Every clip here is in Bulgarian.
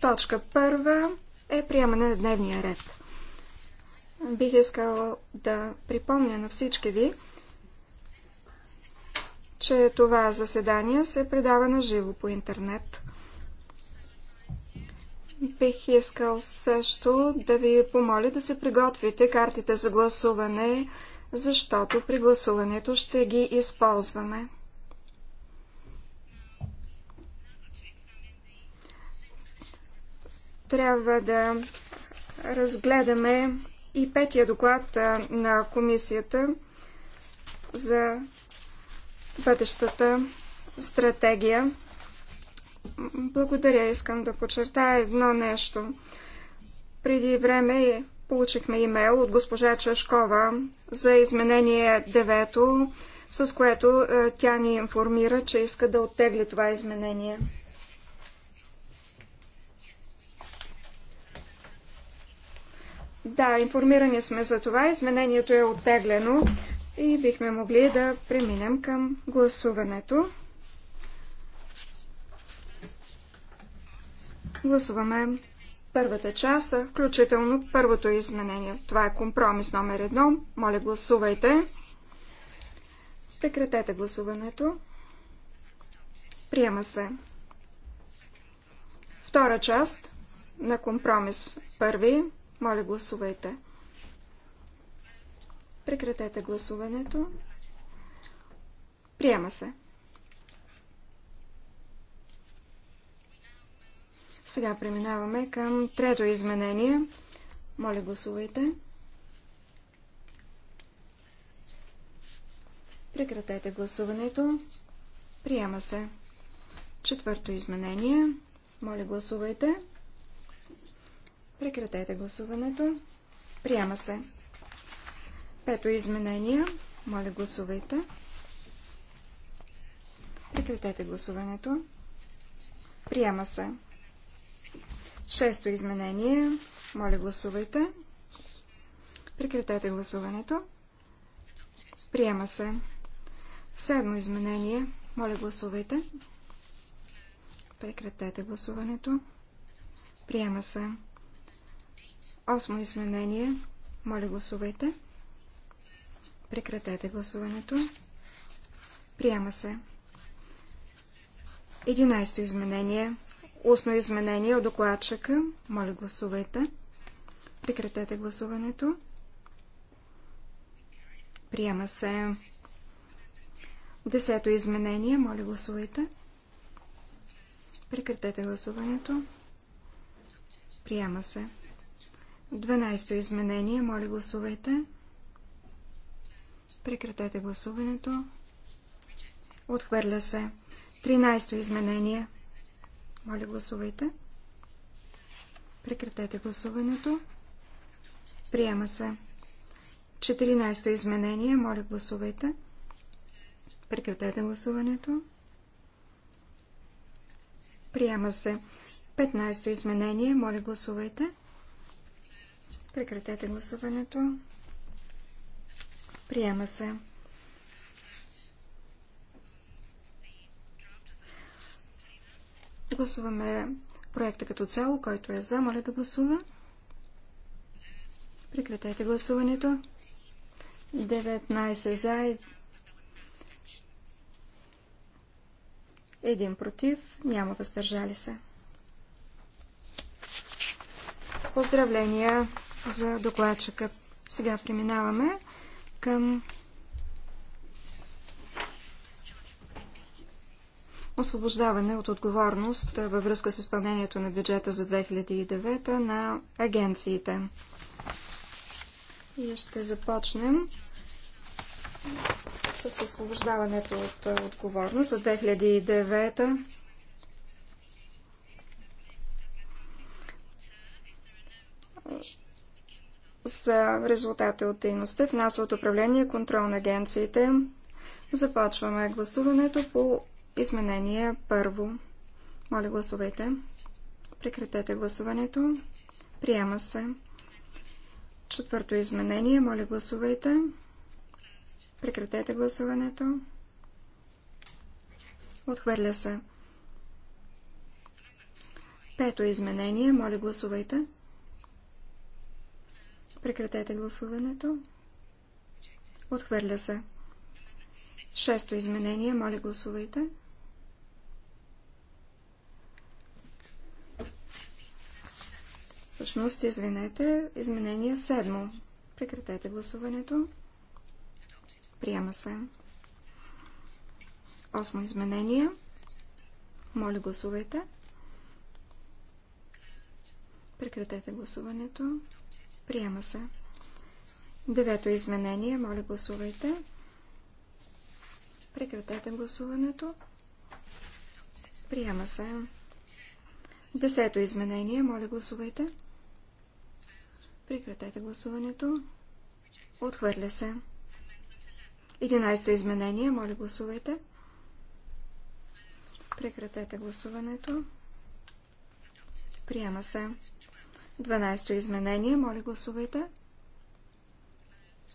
Точка първа е приемане на дневния ред. Бих искала да припомня на всички ви, че това заседание се предава на живо по интернет. Бих искал също да ви помоля да се приготвите картите за гласуване, защото при гласуването ще ги използваме. трябва да разгледаме и петия доклад на комисията за бъдещата стратегия. Благодаря, искам да подчертая едно нещо. Преди време получихме имейл от госпожа Чашкова за изменение 9, с което тя ни информира, че иска да оттегли това изменение. Да, информирани сме за това. Изменението е оттеглено и бихме могли да преминем към гласуването. Гласуваме първата част, включително първото изменение. Това е компромис номер едно. Моля, гласувайте. Прекратете гласуването. Приема се. Втора част на компромис първи. Моля, гласувайте. Прекратете гласуването. Приема се. Сега преминаваме към трето изменение. Моля, гласувайте. Прекратете гласуването. Приема се. Четвърто изменение. Моля, гласувайте. Прекратете гласуването. Приема се. Пето изменение. Моля, гласувайте. Прекратете гласуването. Приема се. Шесто изменение. Моля, гласувайте. Прекратете гласуването. Приема се. Седмо изменение. Моля, гласувайте. Прекратете гласуването. Приема се. Осмо изменение. Моля, гласувайте. Прекратете гласуването. Приема се. Единайсто изменение. Устно изменение от докладчика. Моля, гласувайте. Прекратете гласуването. Приема се. Десето изменение. Моля, гласувайте. Прекратете гласуването. Приема се. 12-то изменение. Моля, гласувайте. Прекратете гласуването. Отхвърля се. 13-то изменение. Моля, гласувайте. Прекратете гласуването. Приема се. 14-то изменение. Моля, гласувайте. Прекратете гласуването. Приема се. 15-то изменение. Моля, гласувайте. Прекратете гласуването. Приема се. Гласуваме проекта като цяло, който е за. Моля да гласува. Прекратете гласуването. 19 за, Един против, няма въздържали се. Поздравления! за докладчика. Сега преминаваме към освобождаване от отговорност във връзка с изпълнението на бюджета за 2009 на агенциите. И ще започнем с освобождаването от отговорност за 2009 за резултати от дейността, от управление контрол на агенциите. Започваме гласуването по изменение първо. Моля, гласувайте. Прекратете гласуването. Приема се. Четвърто изменение. Моля, гласувайте. Прекратете гласуването. Отхвърля се. Пето изменение. Моля, гласувайте. Прекратете гласуването. Отхвърля се. Шесто изменение. Моля, гласувайте. Всъщност, извинете, изменение седмо. Прекратете гласуването. Приема се. Осмо изменение. Моля, гласувайте. Прекратете гласуването. Приема се. Девето изменение. Моля, гласувайте. Прекратете гласуването. Приема се. Десето изменение. Моля, гласувайте. Прекратете гласуването. Отхвърля се. Единайсто изменение. Моля, гласувайте. Прекратете гласуването. Приема се. 12-то изменение. Моля, гласувайте.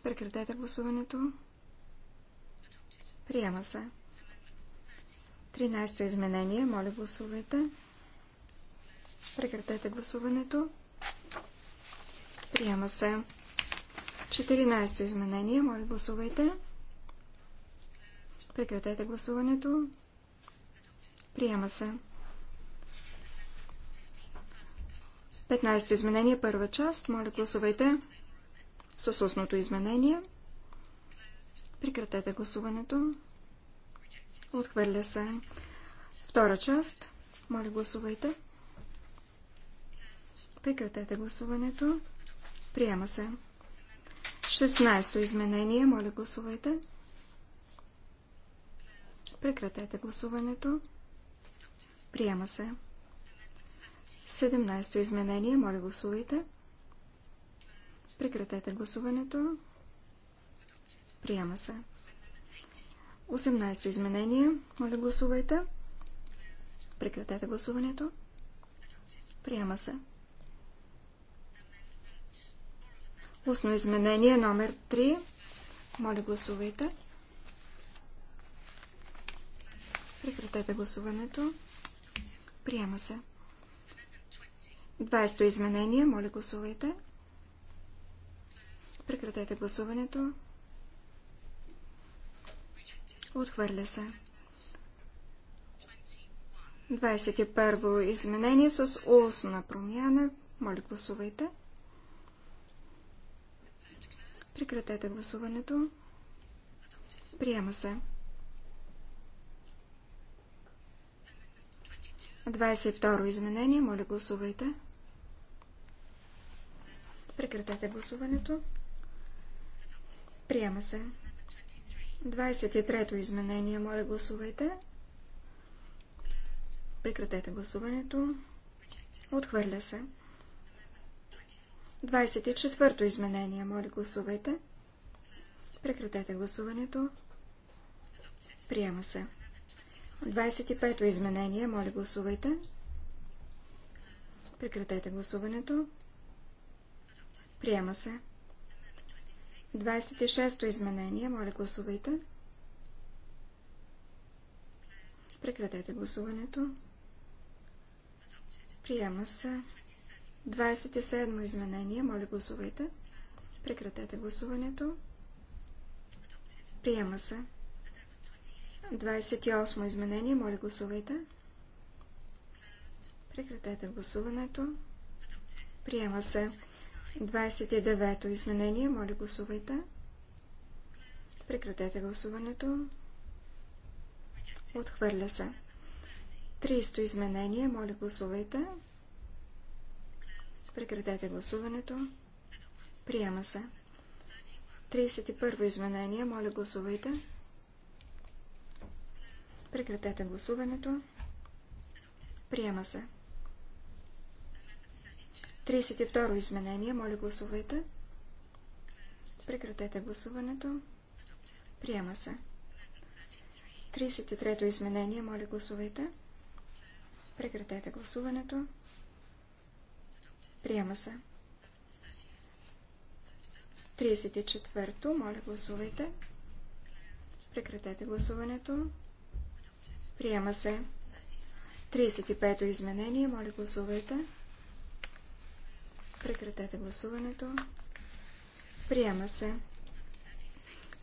Прекратете гласуването. Приема се. 13-то изменение. Моля, гласувайте. Прекратете гласуването. Приема се. 14-то изменение. Моля, гласувайте. Прекратете гласуването. Приема се. 15 то изменение, първа част. Моля, гласувайте с устното изменение. Прекратете гласуването. Отхвърля се. Втора част. Моля, гласувайте. Прекратете гласуването. Приема се. 16-то изменение. Моля, гласувайте. Прекратете гласуването. Приема се. 17-то изменение. Моля, гласувайте. Прекратете гласуването. Приема се. 18-то изменение. Моля, гласувайте. Прекратете гласуването. Приема се. Устно изменение номер 3. Моля, гласувайте. Прекратете гласуването. Приема се. 20-то изменение. Моля, гласувайте. Прекратете гласуването. Отхвърля се. 21-во изменение с устна промяна. Моля, гласувайте. Прекратете гласуването. Приема се. 22-ро изменение. Моля, гласувайте. Прекратете гласуването. Приема се. 23-то изменение. Моля, гласувайте. Прекратете гласуването. Отхвърля се. 24-то изменение. Моля, гласувайте. Прекратете гласуването. Приема се. 25-то изменение. Моля, гласувайте. Прекратете гласуването. Приема се. 26-то изменение. Моля, гласувайте. Прекратете гласуването. Приема се. 27-то изменение. Моля, гласувайте. Прекратете гласуването. Приема се. 28 изменение. Моля, гласувайте. Прекратете гласуването. Приема се. 29-то изменение. Моля, гласувайте. Прекратете гласуването. Отхвърля се. 30-то изменение. Моля, гласувайте. Прекратете гласуването. Приема се. 31 то изменение. Моля, гласувайте. Прекратете гласуването. Приема се. 32 изменение. Моля гласувайте. Прекратете гласуването. Приема се. 33 изменение. Моля гласувайте. Прекратете гласуването. Приема се. 34-то. Моля гласувайте. Прекратете гласуването. Приема се. 35-то изменение. Моля гласувайте. Прекратете гласуването. Приема се.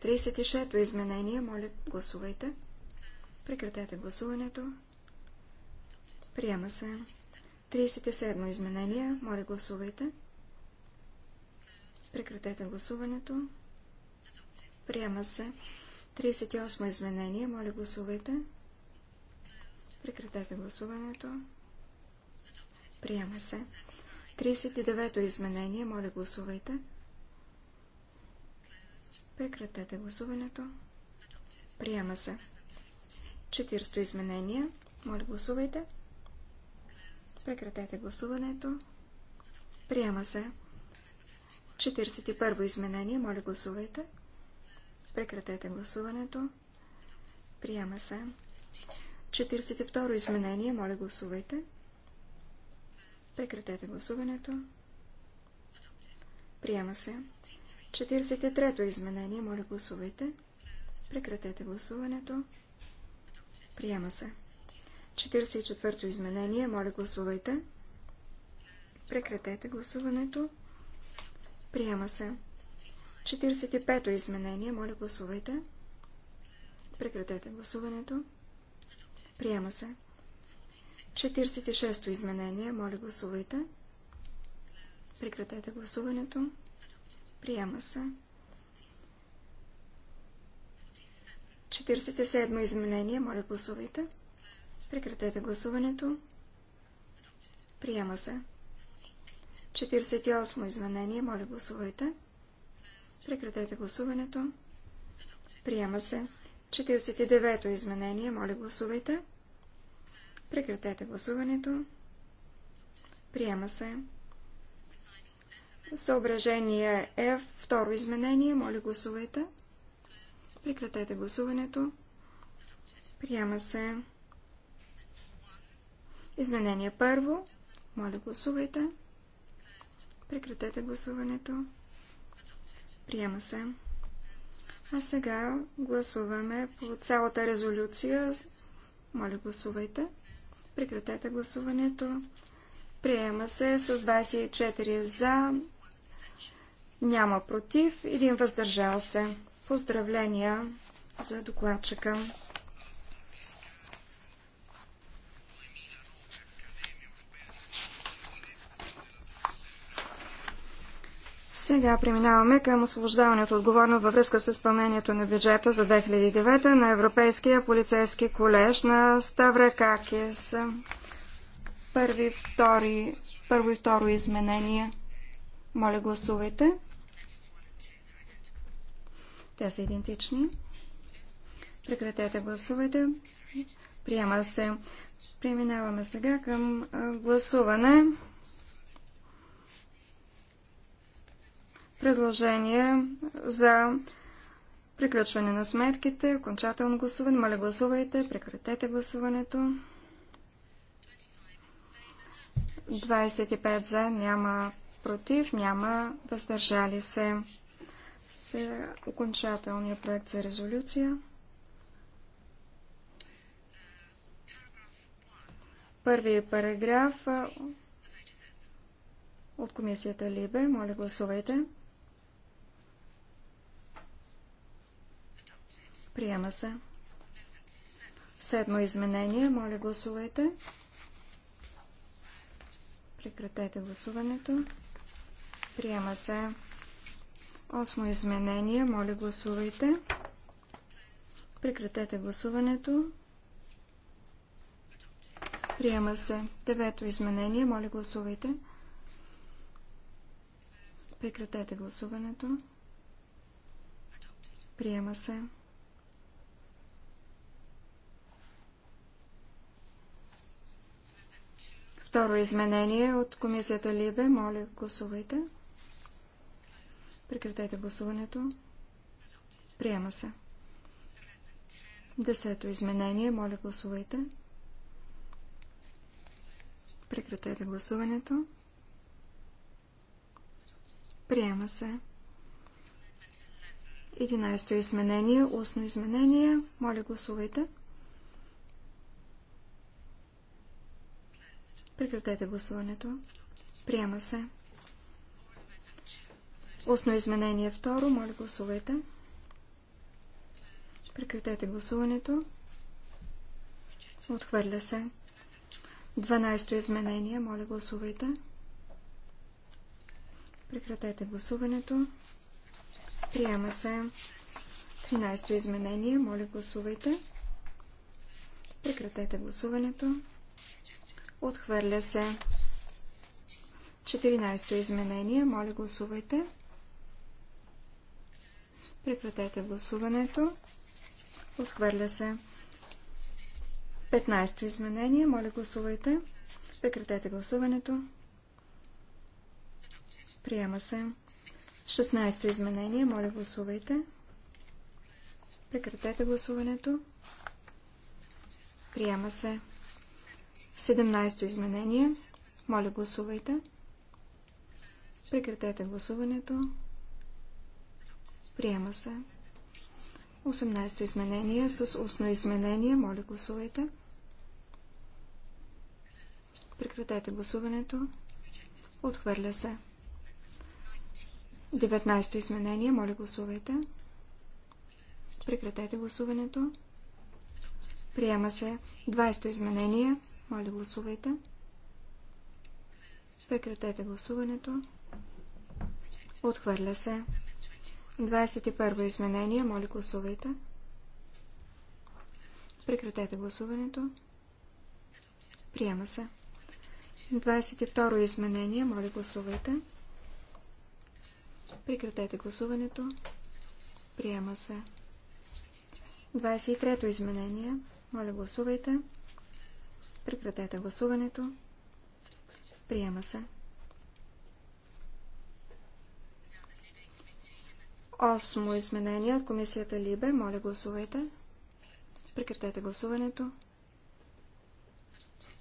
36-то изменение. Моля, гласувайте. Прекратете гласуването. Приема се. 37-то изменение. Моля, гласувайте. Прекратете гласуването. Приема се. 38 изменение. Моля, гласувайте. Прекратете гласуването. Приема се. 39-то изменение. Моля, гласувайте. Прекратете гласуването. Приема се. 40-то изменение. Моля, гласувайте. Прекратете гласуването. Приема се. 41-во изменение. Моля, гласувайте. Прекратете гласуването. Приема се. 42-ро изменение. Моля, гласувайте. Прекратете гласуването. Приема се. 43-то изменение. Моля, гласувайте. Прекратете гласуването. Приема се. 44-то изменение. Моля, гласувайте. Прекратете гласуването. Приема се. 45-то изменение. Моля, гласувайте. Прекратете гласуването. Приема се. 46-то изменение. Моля, гласувайте. Прекратете гласуването. Приема се. 47 то изменение. Моля, гласувайте. Прекратете гласуването. Приема се. 48 то изменение. Моля, гласувайте. Прекратете гласуването. Приема се. 49-то изменение. Моля, гласувайте. Прекратете гласуването. Приема се. Съображение е второ изменение. Моля, гласувайте. Прекратете гласуването. Приема се. Изменение първо. Моля, гласувайте. Прекратете гласуването. Приема се. А сега гласуваме по цялата резолюция. Моля, гласувайте. Прекратете гласуването. Приема се с 24 за, няма против, един въздържал се. Поздравления за докладчика. Сега преминаваме към освобождаването отговорно във връзка с изпълнението на бюджета за 2009 на Европейския полицейски колеж на Какис. Първи, втори, първо и второ изменение. Моля, гласувайте. Те са идентични. Прекратете гласувайте. Приема се. Преминаваме сега към гласуване. предложение за приключване на сметките, окончателно гласуване. Моля, гласувайте, прекратете гласуването. 25 за, няма против, няма въздържали се. Се окончателния проект за резолюция. Първи параграф от комисията Либе. Моля, гласувайте. Приема се. Седмо изменение. Моля, гласувайте. Прекратете гласуването. Приема се. Осмо изменение. Моля, гласувайте. Прекратете гласуването. Приема се. Девето изменение. Моля, гласувайте. Прекратете гласуването. Приема се. Второ изменение от комисията Либе. Моля, гласувайте. Прекратете гласуването. Приема се. Десето изменение. Моля, гласувайте. Прекратете гласуването. Приема се. Единайсто изменение. Устно изменение. Моля, гласувайте. Гласувайте. Прекратете гласуването. Приема се. Устно изменение второ. Моля гласувайте. Прекратете гласуването. Отхвърля се. 12 то изменение. Моля гласувайте. Прекратете гласуването. Приема се. 13 то изменение. Моля гласувайте. Прекратете гласуването. Отхвърля се. 14-то изменение. Моля, гласувайте. Прекратете гласуването. Отхвърля се. 15-то изменение. Моля, гласувайте. Прекратете гласуването. Приема се. 16-то изменение. Моля, гласувайте. Прекратете гласуването. Приема се. 17-то изменение. Моля, гласувайте. Прекратете гласуването. Приема се. 18-то изменение с устно изменение. Моля, гласувайте. Прекратете гласуването. Отхвърля се. 19-то изменение. Моля, гласувайте. Прекратете гласуването. Приема се. 20-то изменение. Моля, гласувайте. Прекратете гласуването. Отхвърля се. 21 изменение. Моля, гласувайте. Прекратете гласуването. Приема се. 22 изменение. Моля, гласувайте. Прекратете гласуването. Приема се. 23 изменение. Моля, гласувайте. Прекратете гласуването. Приема се. Осмо изменение от комисията Либе. Моля, гласувайте. Прекратете гласуването.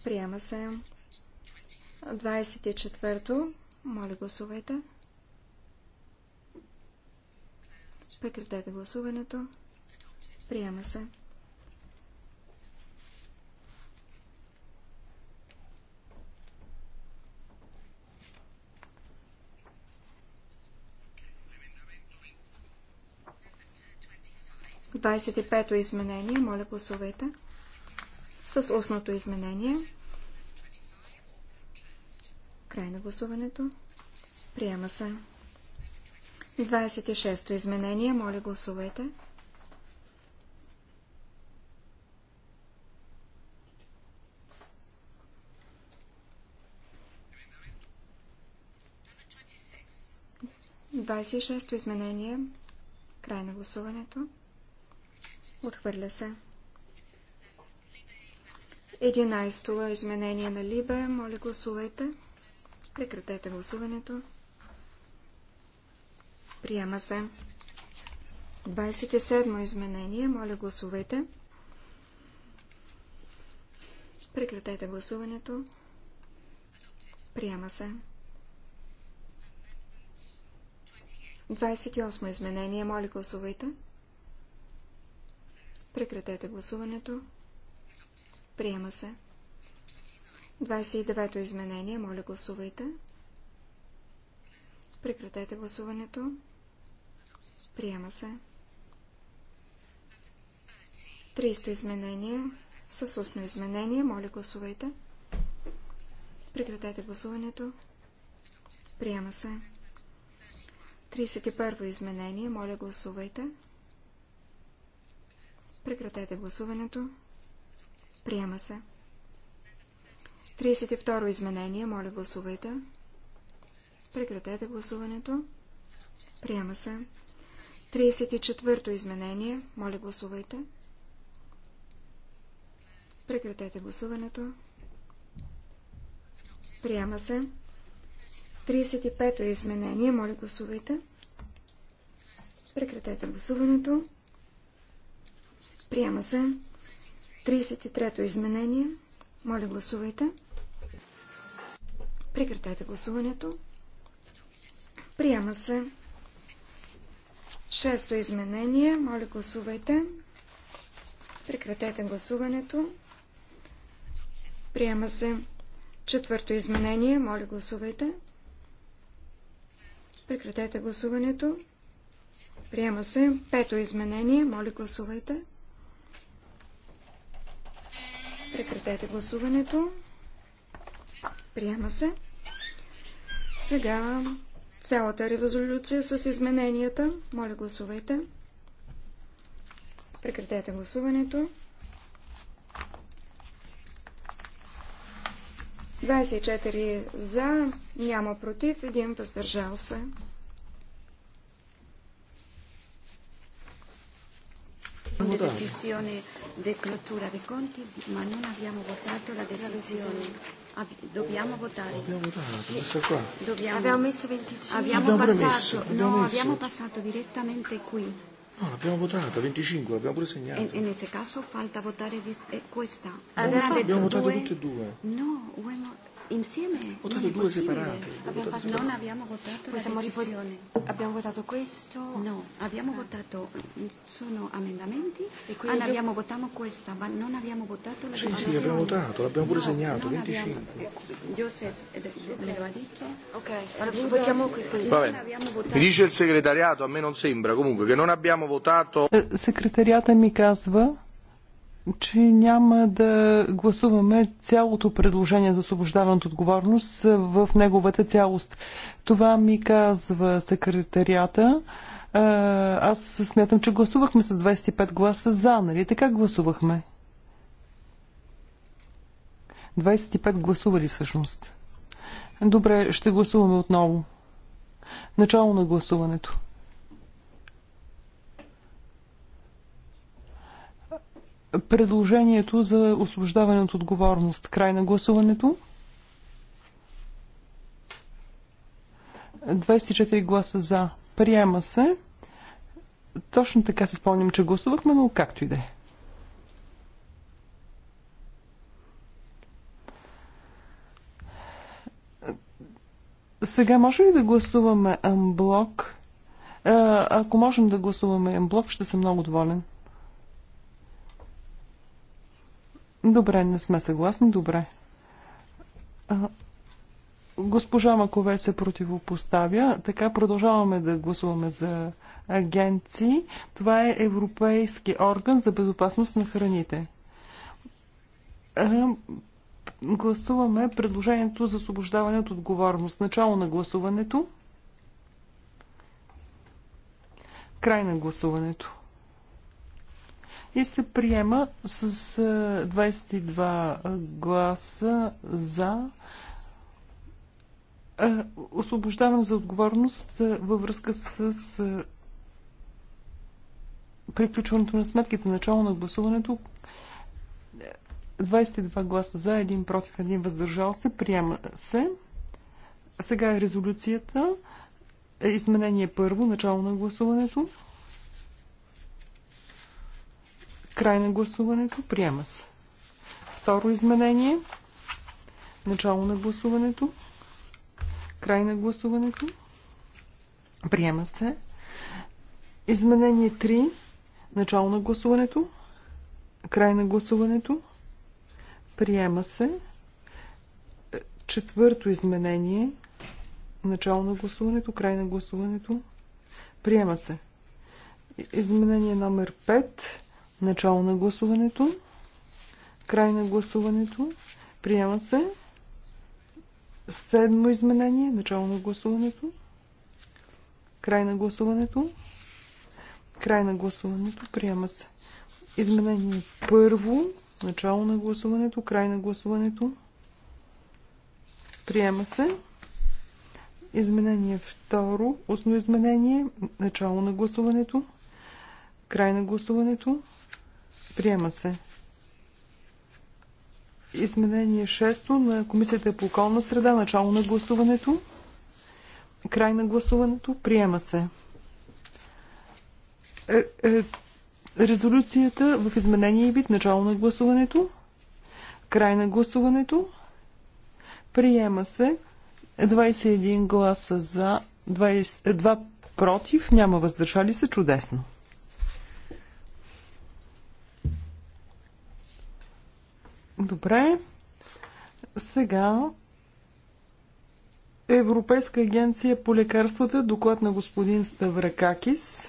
Приема се. 24-то. Моля, гласувайте. Прекратете гласуването. Приема се. 25-то изменение. Моля, гласувайте. С устното изменение. Край на гласуването. Приема се. 26-то изменение. Моля, гласувайте. Двадесет и шесто изменение. Край на гласуването. Отхвърля се. 11-то изменение на Либе. Моля, гласувайте. Прекратете гласуването. Приема се. 27-мо изменение. Моля, гласувайте. Прекратете гласуването. Приема се. 28-мо изменение. Моля, гласувайте. Прекратете гласуването. Приема се. 29-то изменение. Моля, гласувайте. Прекратете гласуването. Приема се. 30-то изменение. С устно изменение. Моля, гласувайте. Прекратете гласуването. Приема се. 31-во изменение. Моля, гласувайте. Прекратете гласуването. Приема се. 32 изменение. Моля, гласувайте. Прекратете гласуването. Приема се. 34 то изменение. Моля, гласувайте. Прекратете гласуването. Приема се. 35 то изменение. Моля, гласувайте. Прекратете гласуването. Приема се. 33-то изменение. Моля, гласувайте. Прекратете гласуването. Приема се. Шесто изменение. Моля, гласувайте. Прекратете гласуването. Приема се. Четвърто изменение. Моля, гласувайте. Прекратете гласуването. Приема се. Пето изменение. Моля, гласувайте. Прекратете гласуването. Приема се. Сега цялата резолюция с измененията. Моля, гласувайте. Прекратете гласуването. 24 за, няма против, един въздържал се. La decisione di clôtura dei conti, ma non abbiamo votato la decisione. Dobbiamo votare. Abbiamo votato, questa qua. Dobbiamo, abbiamo messo 25. Abbiamo abbiamo passato, messo, abbiamo no, messo. abbiamo passato direttamente qui. No, l'abbiamo votata, 25, l'abbiamo pure segnata. E, in questo caso falta votare di, eh, questa. Abbiamo, abbiamo votato due. tutte e due. No, abbiamo insieme. Ho dato due separate. Abbiamo fatto, non abbiamo votato Possiamo la decisione. Abbiamo votato questo? No, abbiamo ah. votato, sono emendamenti, e quindi ah, abbiamo votato questa, ma non abbiamo votato la sì, decisione. Sì, sì, abbiamo votato, l'abbiamo pure no, segnato, 25. Giuseppe me lo ha detto. Ok, allora votiamo qui questo. Mi dice il segretariato, a me non sembra comunque, che non abbiamo votato... Секретарията ми казва, че няма да гласуваме цялото предложение за освобождаване от отговорност в неговата цялост. Това ми казва секретарията. Аз смятам, че гласувахме с 25 гласа за, нали? Така гласувахме. 25 гласували всъщност. Добре, ще гласуваме отново. Начало на гласуването. предложението за освобождаване от отговорност. Край на гласуването. 24 гласа за. Приема се. Точно така се спомням, че гласувахме, но както и да е. Сега може ли да гласуваме амблок? Е, ако можем да гласуваме амблок, ще съм много доволен. Добре, не сме съгласни. Добре. А, госпожа Макове се противопоставя. Така продължаваме да гласуваме за агенции. Това е Европейски орган за безопасност на храните. А, гласуваме предложението за освобождаване от отговорност. Начало на гласуването. Край на гласуването и се приема с 22 е, гласа за. Е, освобождавам за отговорност е, във връзка с приключването на сметките, начало на гласуването. 22 гласа за, 1 против, 1 въздържал се. Приема се. Сега е резолюцията. Изменение първо, начало на гласуването. Край на гласуването. Приема се. Второ изменение. Начало на гласуването. Край на гласуването. Приема се. Изменение 3. Начало на гласуването. Край на гласуването. Приема се. Четвърто изменение. Начало на гласуването. Край на гласуването. Приема се. Изменение номер 5. Начало на гласуването. Край на гласуването. Приема се. Седмо изменение. Начало на гласуването. Край на гласуването. Край на гласуването. Приема се. Изменение първо. Начало на гласуването. Край на гласуването. Приема се. Изменение второ. Устно изменение. Начало на гласуването. Край на гласуването. Приема се. Изменение 6 на Комисията по околна среда. Начало на гласуването. Край на гласуването. Приема се. Е, е, резолюцията в изменение и вид. Начало на гласуването. Край на гласуването. Приема се. 21 гласа за, 2 против, няма въздържали се. Чудесно. Добре. Сега Европейска агенция по лекарствата, доклад на господин Ставракакис.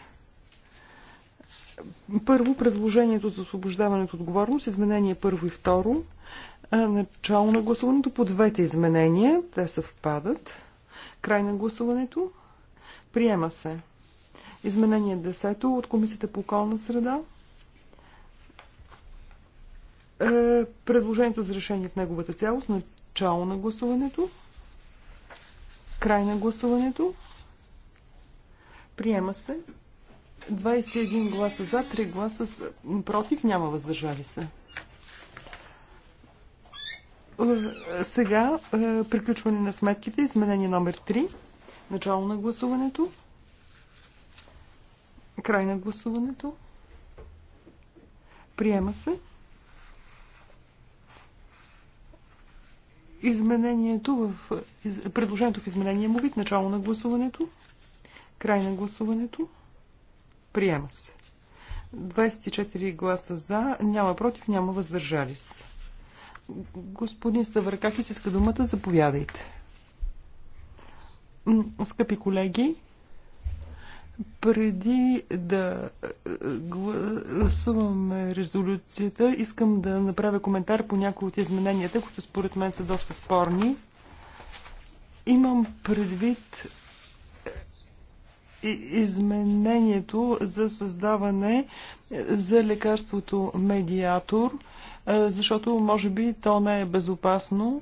Първо, предложението за освобождаване от отговорност, изменение първо и второ. Начало на гласуването по двете изменения, те съвпадат. Край на гласуването. Приема се. Изменение 10 от Комисията по околна среда. Е, предложението за решение в неговата цялост. Начало на гласуването. Край на гласуването. Приема се. 21 гласа за, 3 гласа с... против, няма въздържали се. Е, сега е, приключване на сметките, изменение номер 3, начало на гласуването, край на гласуването, приема се. Изменението в... Предложението в изменение му вид. Начало на гласуването. Край на гласуването. Приема се. 24 гласа за, няма против, няма въздържали се. Господин Ставъркахис иска думата, заповядайте. Скъпи колеги, преди да е, е, гласуваме резолюцията, искам да направя коментар по някои от измененията, които според мен са доста спорни. Имам предвид е, изменението за създаване за лекарството медиатор, защото може би то не е безопасно.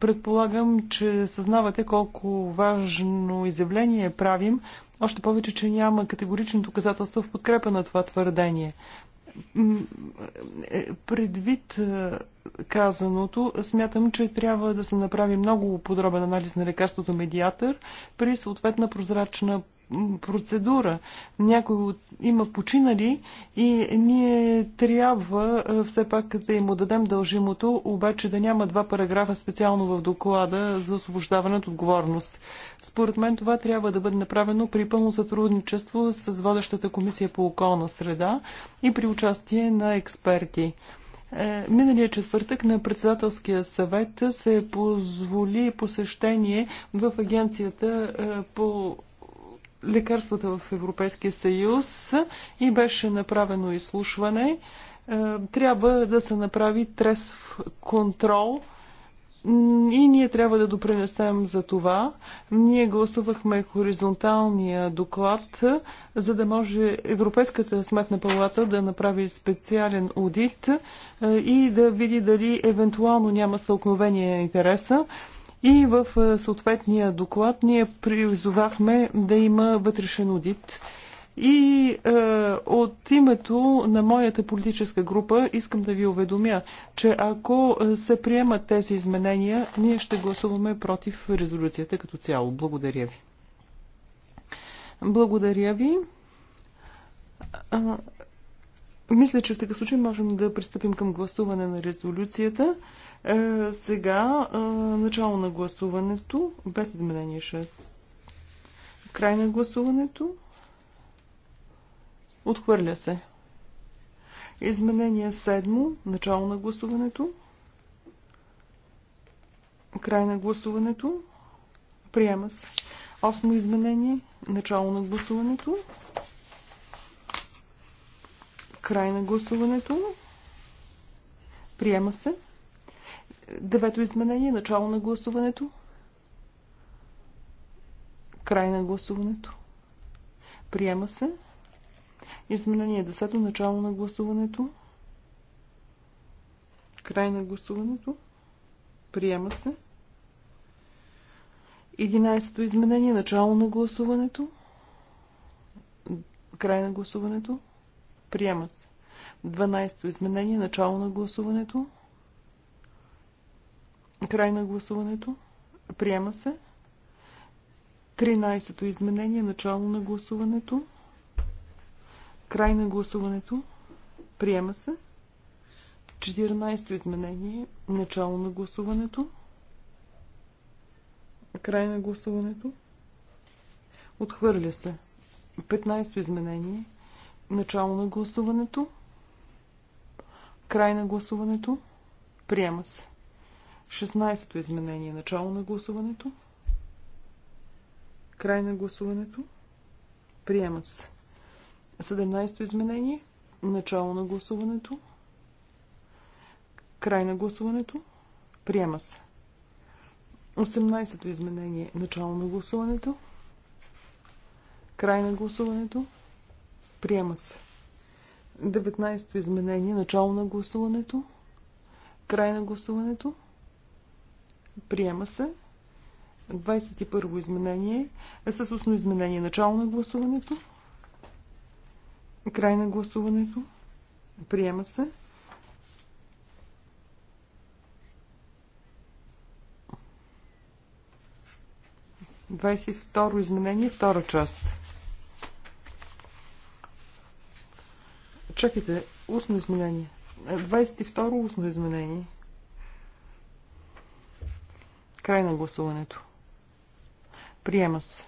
Предполагам, че съзнавате колко важно изявление правим, още повече, че няма категорични доказателства в подкрепа на това твърдение. Е, предвид е, казаното, смятам, че трябва да се направи много подробен анализ на лекарството медиатър при съответна прозрачна процедура. Някой от... има починали и ние трябва все пак да им отдадем дължимото, обаче да няма два параграфа специално в доклада за освобождаване от отговорност. Според мен това трябва да бъде направено при пълно сътрудничество с водещата комисия по околна среда и при участие на експерти. Е, миналия четвъртък на председателския съвет се позволи посещение в агенцията е, по лекарствата в Европейския съюз и беше направено изслушване. Е, трябва да се направи тресв контрол и ние трябва да допринесем за това. Ние гласувахме хоризонталния доклад, за да може Европейската сметна палата да направи специален аудит е, и да види дали евентуално няма стълкновение интереса. интереса и в съответния доклад ние призовахме да има вътрешен одит. И е, от името на моята политическа група искам да ви уведомя, че ако се приемат тези изменения, ние ще гласуваме против резолюцията като цяло. Благодаря ви. Благодаря ви. А, мисля, че в такъв случай можем да пристъпим към гласуване на резолюцията. Е, сега е, начало на гласуването, без изменение 6. Край на гласуването. Отхвърля се. Изменение 7. Начало на гласуването. Край на гласуването. Приема се. Осмо изменение. Начало на гласуването. Край на гласуването. Приема се. Девето изменение, начало на гласуването. Край на гласуването. Приема се. Изменение 10, начало на гласуването. Край на гласуването. Приема се. 11 изменение, начало на гласуването. Край на гласуването. Приема се. 12 изменение, начало на гласуването. Край на гласуването. Приема се. 13-то изменение. Начало на гласуването. Край на гласуването. Приема се. 14-то изменение. Начало на гласуването. Край на гласуването. Отхвърля се. 15-то изменение. Начало на гласуването. Край на гласуването. Приема се. 16-то изменение. Начало на гласуването. Край на гласуването. Приема се. 17-то изменение. Начало на гласуването. Край на гласуването. Приема се. 18-то изменение. Начало на гласуването. Край на гласуването. Приема се. 19-то изменение. Начало на гласуването. Край на гласуването. Приема се. 21 изменение е с устно изменение. Начало на гласуването. Край на гласуването. Приема се. Двадесет второ изменение, втора част. Чакайте, устно изменение. 22 устно изменение. Край на гласуването. Приема се.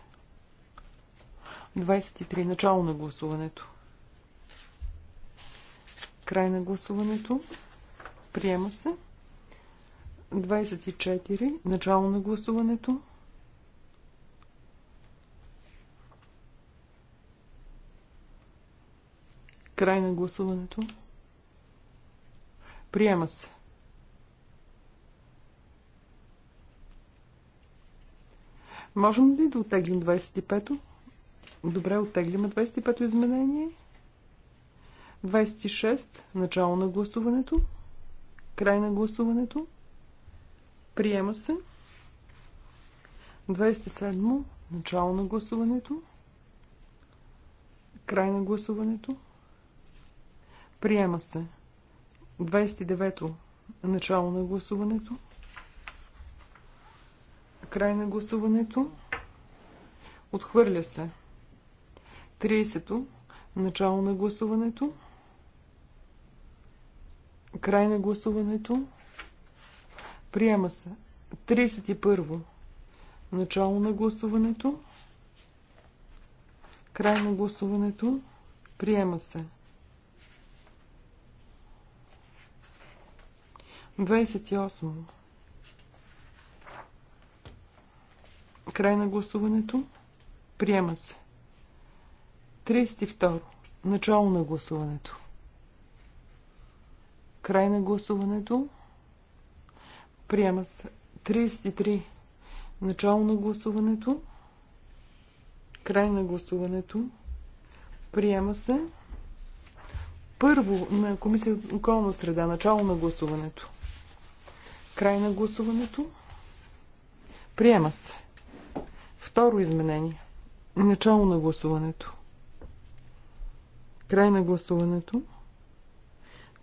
23. Начало на гласуването. Край на гласуването. Приема се. 24. Начало на гласуването. Край на гласуването. Приема се. Можем ли да отеглим 25-то? Добре, оттегляме 25-то изменение. 26. Начало на гласуването. Край на гласуването. Приема се. 27. Начало на гласуването. Край на гласуването. Приема се. 29. Начало на гласуването. Край на гласуването. Отхвърля се. 30-то. Начало на гласуването. Край на гласуването. Приема се. 31. во Начало на гласуването. Край на гласуването. Приема се. 28. Край на гласуването. Приема се. 32. Начало на гласуването. Край на гласуването. Приема се. 33. Начало на гласуването. Край на гласуването. Приема се. Първо на Комисията околна среда. Начало на гласуването. Край на гласуването. Приема се. Второ изменение. Начало на гласуването. Край на гласуването.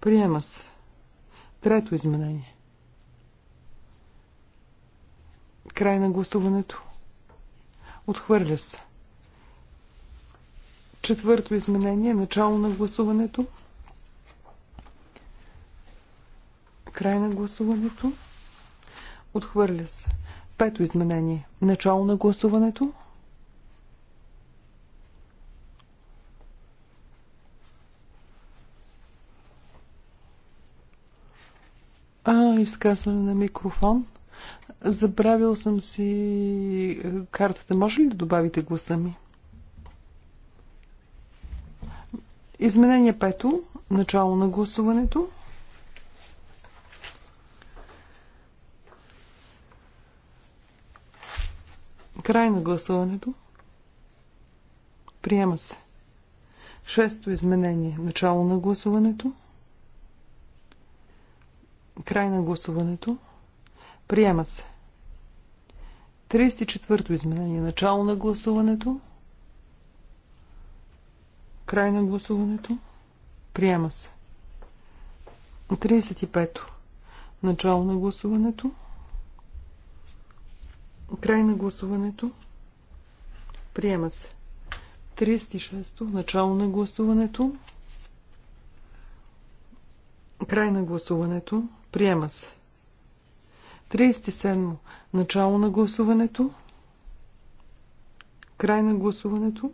Приема се. Трето изменение. Край на гласуването. Отхвърля се. Четвърто изменение. Начало на гласуването. Край на гласуването. Отхвърля се. Пето изменение. Начало на гласуването. А, изказване на микрофон. Забравил съм си е, картата. Може ли да добавите гласа ми? Изменение пето. Начало на гласуването. Край на гласуването. Приема се. Шесто изменение. Начало на гласуването. Край на гласуването. Приема се. 34-то изменение. Начало на гласуването. Край на гласуването. Приема се. 35-то. Начало на гласуването. Край на гласуването. Приема се. 36-то. Начало на гласуването. Край на гласуването. Приема се. 37. Начало на гласуването. Край на гласуването.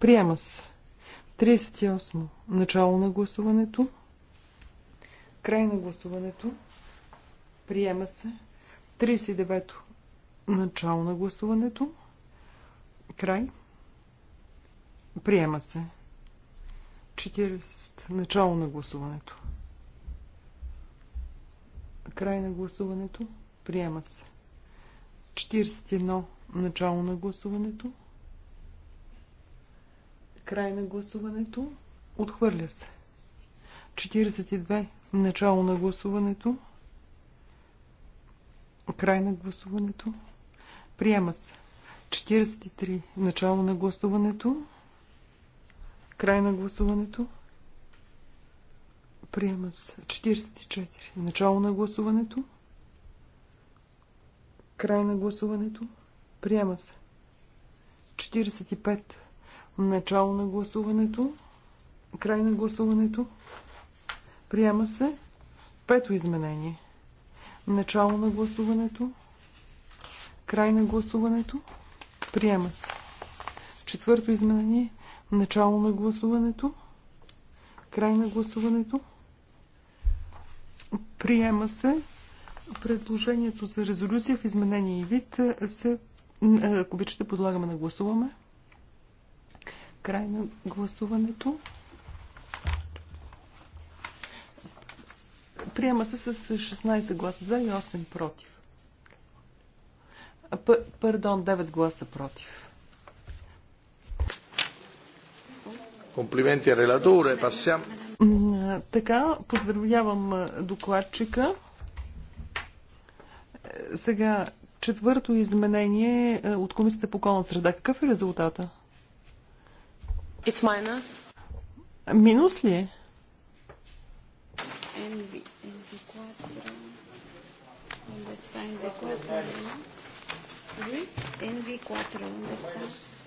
Приема се. 38. Начало на гласуването. Край на гласуването. Приема се. 39. то Начало на гласуването. Край. Приема се. 40. Начало на гласуването. Край на гласуването. Приема се. 41. Начало на гласуването. Край на гласуването. Отхвърля се. 42. Начало на гласуването. Край на гласуването. Приема се. 43. Начало на гласуването. Край на гласуването. Приема се. 44. Начало на гласуването. Край на гласуването. Приема се. 45. Начало на гласуването. Край на гласуването. Приема се. Пето изменение. Начало на гласуването. Край на гласуването. Приема се. Четвърто изменение. Начало на гласуването. Край на гласуването. Приема се. Предложението за резолюция в изменение и вид се... Ако обичате, подлагаме на гласуваме. Край на гласуването. Приема се с 16 гласа за и 8 против. Пардон, 9 гласа против. Комплименти релаторе, пасям. Така, поздравявам докладчика. Е, сега, четвърто изменение е, от Комисията по околна среда. Какъв е резултата? It's minus. Минус ли е? NB, NB4, 4 4 Sí, NV4, ¿dónde está?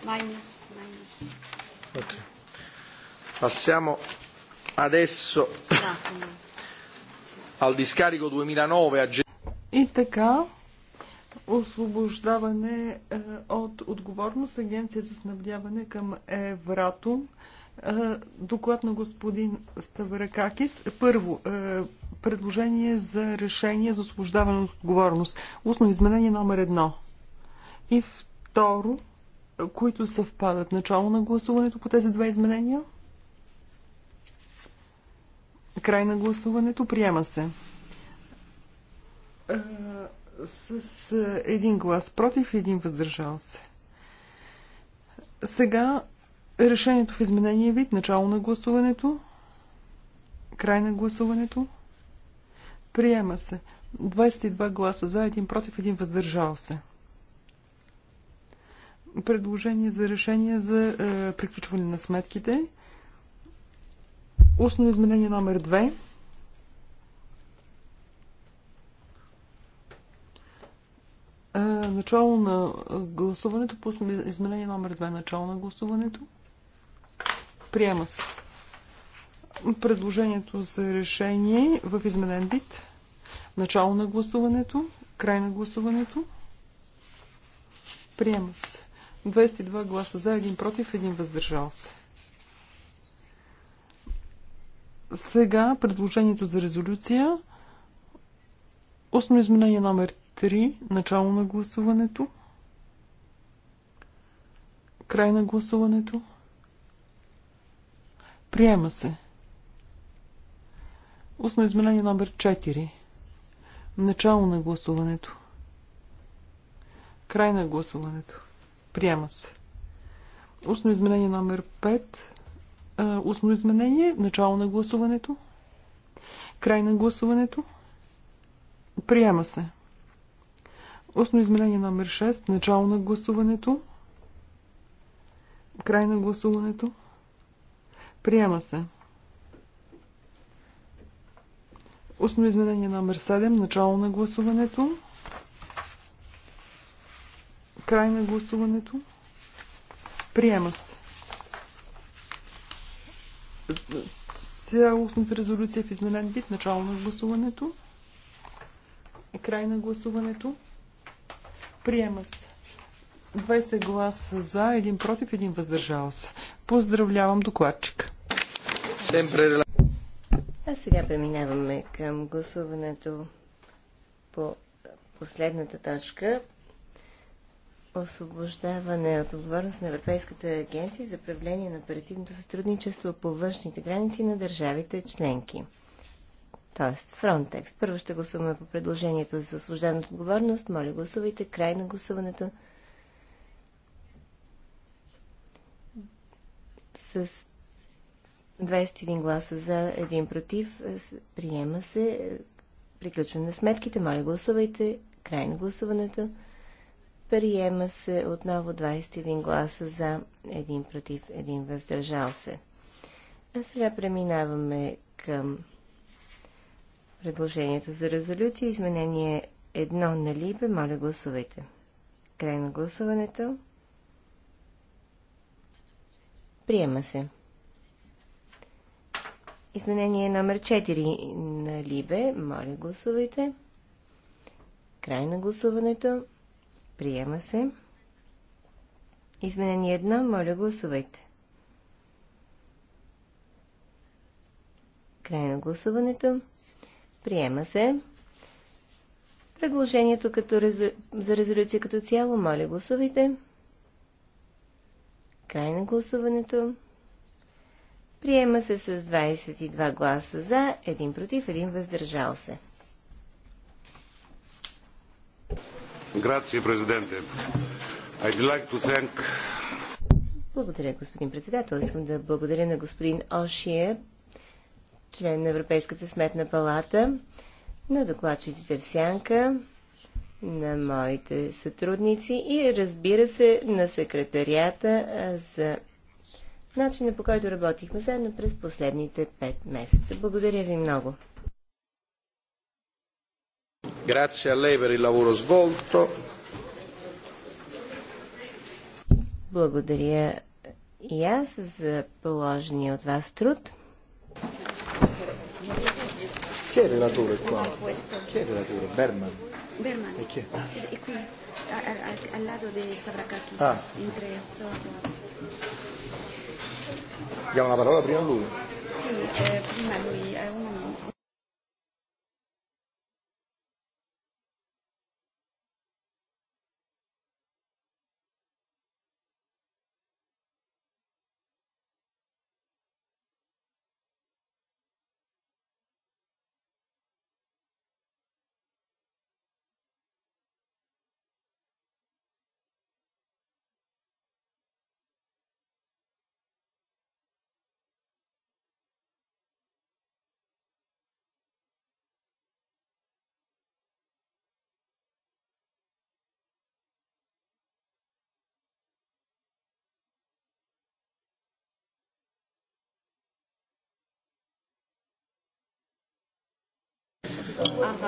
Minus, minus. Ok. Passiamo adesso al discarico 2009 a И така, освобождаване е, от отговорност Агенция за снабдяване към Евратом. Е, доклад на господин Ставракакис. Първо, е, предложение за решение за освобождаване от отговорност. Устно изменение номер едно. И второ, които съвпадат. Начало на гласуването по тези две изменения. Край на гласуването. Приема се. С един глас против и един въздържал се. Сега решението в изменение вид. Начало на гласуването. Край на гласуването. Приема се. 22 гласа за, един против, един въздържал се предложение за решение за е, приключване на сметките. Устно изменение номер 2. Е, начало на гласуването. Пусно изменение номер 2. Начало на гласуването. Приема се. Предложението за решение в изменен вид. Начало на гласуването. Край на гласуването. Приема се. 22 гласа за, 1 против, 1 въздържал се. Сега предложението за резолюция. Основно изменение номер 3. Начало на гласуването. Край на гласуването. Приема се. Устно изменение номер 4. Начало на гласуването. Край на гласуването. Приема се. Устно изменение номер 5. Устно изменение. Начало на гласуването. Край на гласуването. Приема се. Устно изменение номер 6. Начало на гласуването. Край на гласуването. Приема се. Устно изменение номер 7. Начало на гласуването. Край на гласуването. Приема се. Цялостната резолюция в изменен вид. Начало на гласуването. Край на гласуването. Приема се. 20 гласа за, един против, един въздържал се. Поздравлявам докладчик. А сега преминаваме към гласуването по последната точка освобождаване от отговорност на Европейската агенция за управление на оперативното сътрудничество по външните граници на държавите членки. Тоест, Frontex. Първо ще гласуваме по предложението за освобождаване от отговорност. Моля, гласувайте. Край на гласуването. С 21 гласа за, 1 против. Приема се. Приключване на сметките. Моля, гласувайте. Край на гласуването. Приема се отново 21 гласа за, един против, един въздържал се. А сега преминаваме към предложението за резолюция. Изменение 1 на Либе. Моля гласувайте. Край на гласуването. Приема се. Изменение номер 4 на Либе. Моля гласувайте. Край на гласуването. Приема се. Изменение 1. Моля, гласувайте. Край на гласуването. Приема се. Предложението като резу... за резолюция като цяло, моля гласувайте. Край на гласуването. Приема се с 22 гласа за, 1 против, 1 въздържал се. Благодаря, господин председател. Искам да благодаря на господин Ошие, член на Европейската сметна палата, на докладчиците в Сянка, на моите сътрудници и разбира се на секретарията за начина по който работихме заедно през последните пет месеца. Благодаря ви много. Grazie a lei per il lavoro svolto. Благодаря и аз за положения от вас труд. Chi è il relatore qua? Chi è il relatore? Berman? Berman. E chi è? È qui, al, lato di Stavrakakis, ah. in Diamo la parola prima a lui? Sì, prima lui è uno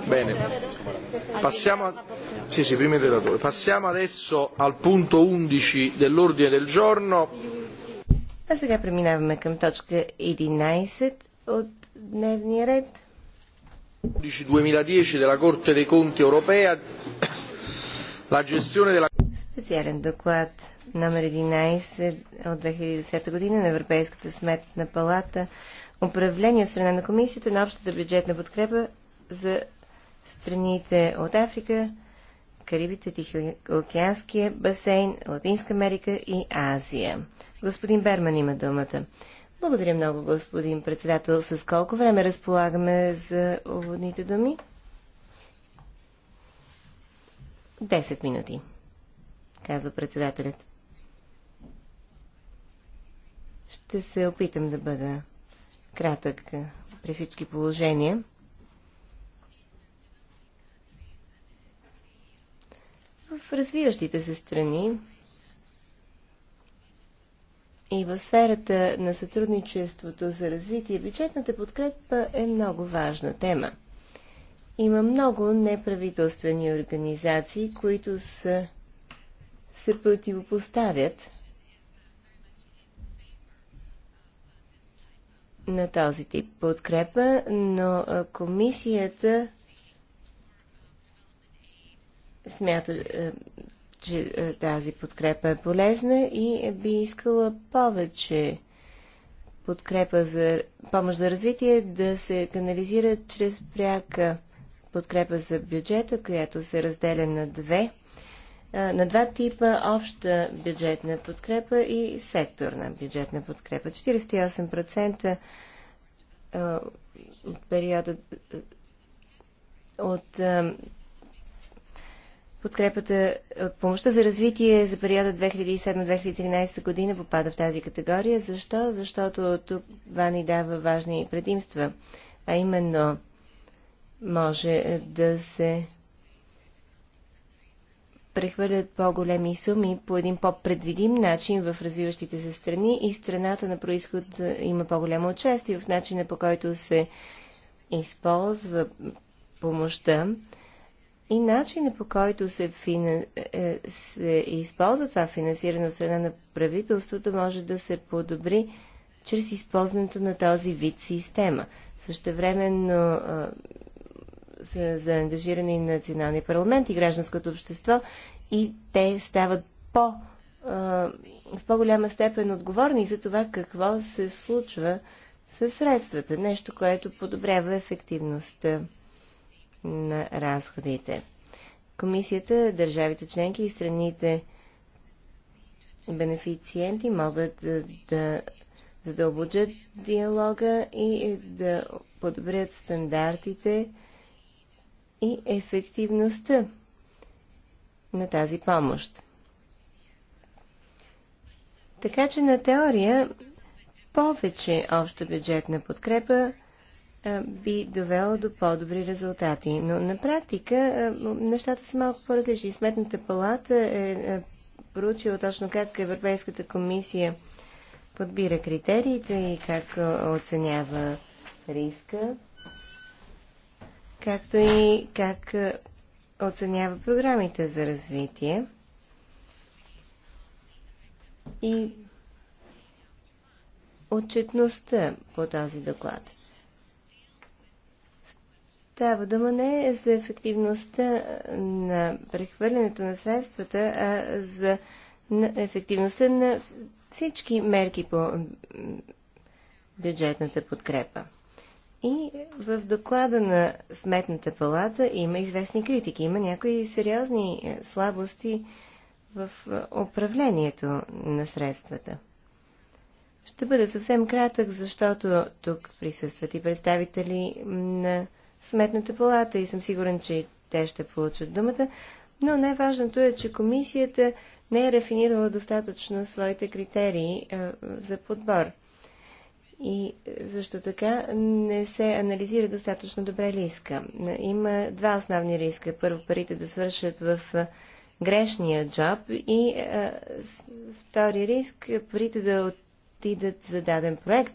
Bene. Passiamo, a... sì, sì, prima relatore. Passiamo adesso al punto 11 dell'ordine del giorno. А сега преминаваме към точка 11 от дневния ред. 11-2010 della Corte dei Conti europea, la gestione della... Специален доклад номер 11 от 2010 година на Европейската сметна палата, управление от страна на комисията на общата бюджетна подкрепа за страните от Африка, Карибите, Тихоокеанския басейн, Латинска Америка и Азия. Господин Берман има думата. Благодаря много, господин председател. С колко време разполагаме за уводните думи? 10 минути, казва председателят. Ще се опитам да бъда кратък при всички положения. развиващите се страни и в сферата на сътрудничеството за развитие бюджетната подкрепа е много важна тема. Има много неправителствени организации, които са, се противопоставят на този тип подкрепа, но комисията смята, е, че е, тази подкрепа е полезна и би искала повече подкрепа за помощ за развитие да се канализира чрез пряка подкрепа за бюджета, която се разделя на две е, на два типа обща бюджетна подкрепа и секторна бюджетна подкрепа. 48% от периода от Подкрепата от помощта за развитие за периода 2007-2013 година попада в тази категория. Защо? Защото тук това ни дава важни предимства, а именно може да се прехвърлят по-големи суми по един по-предвидим начин в развиващите се страни и страната на происход има по-голямо участие в начина по който се използва помощта и начина по който се, фина... Е, се използва това финансиране от страна на правителството може да се подобри чрез използването на този вид система. Същевременно са заангажирани национални парламент и гражданското общество и те стават по, в по-голяма степен отговорни за това какво се случва със средствата. Нещо, което подобрява ефективността на разходите. Комисията, държавите членки и страните бенефициенти могат да, да задълбочат диалога и да подобрят стандартите и ефективността на тази помощ. Така че на теория повече обща бюджетна подкрепа би довело до по-добри резултати. Но на практика нещата са малко по-различни. Сметната палата е, е проучила точно как Европейската комисия подбира критериите и как оценява риска, както и как оценява програмите за развитие. И отчетността по този доклад. Става дума не е за ефективността на прехвърлянето на средствата, а за ефективността на всички мерки по бюджетната подкрепа. И в доклада на Сметната палата има известни критики. Има някои сериозни е, слабости в е, управлението на средствата. Ще бъда съвсем кратък, защото тук присъстват и представители на Сметната палата и съм сигурен, че и те ще получат думата. Но най-важното е, че комисията не е рафинирала достатъчно своите критерии а, за подбор. И защо така не се анализира достатъчно добре риска. Има два основни риска. Първо парите да свършат в грешния джоб и а, втори риск парите да отидат за даден проект,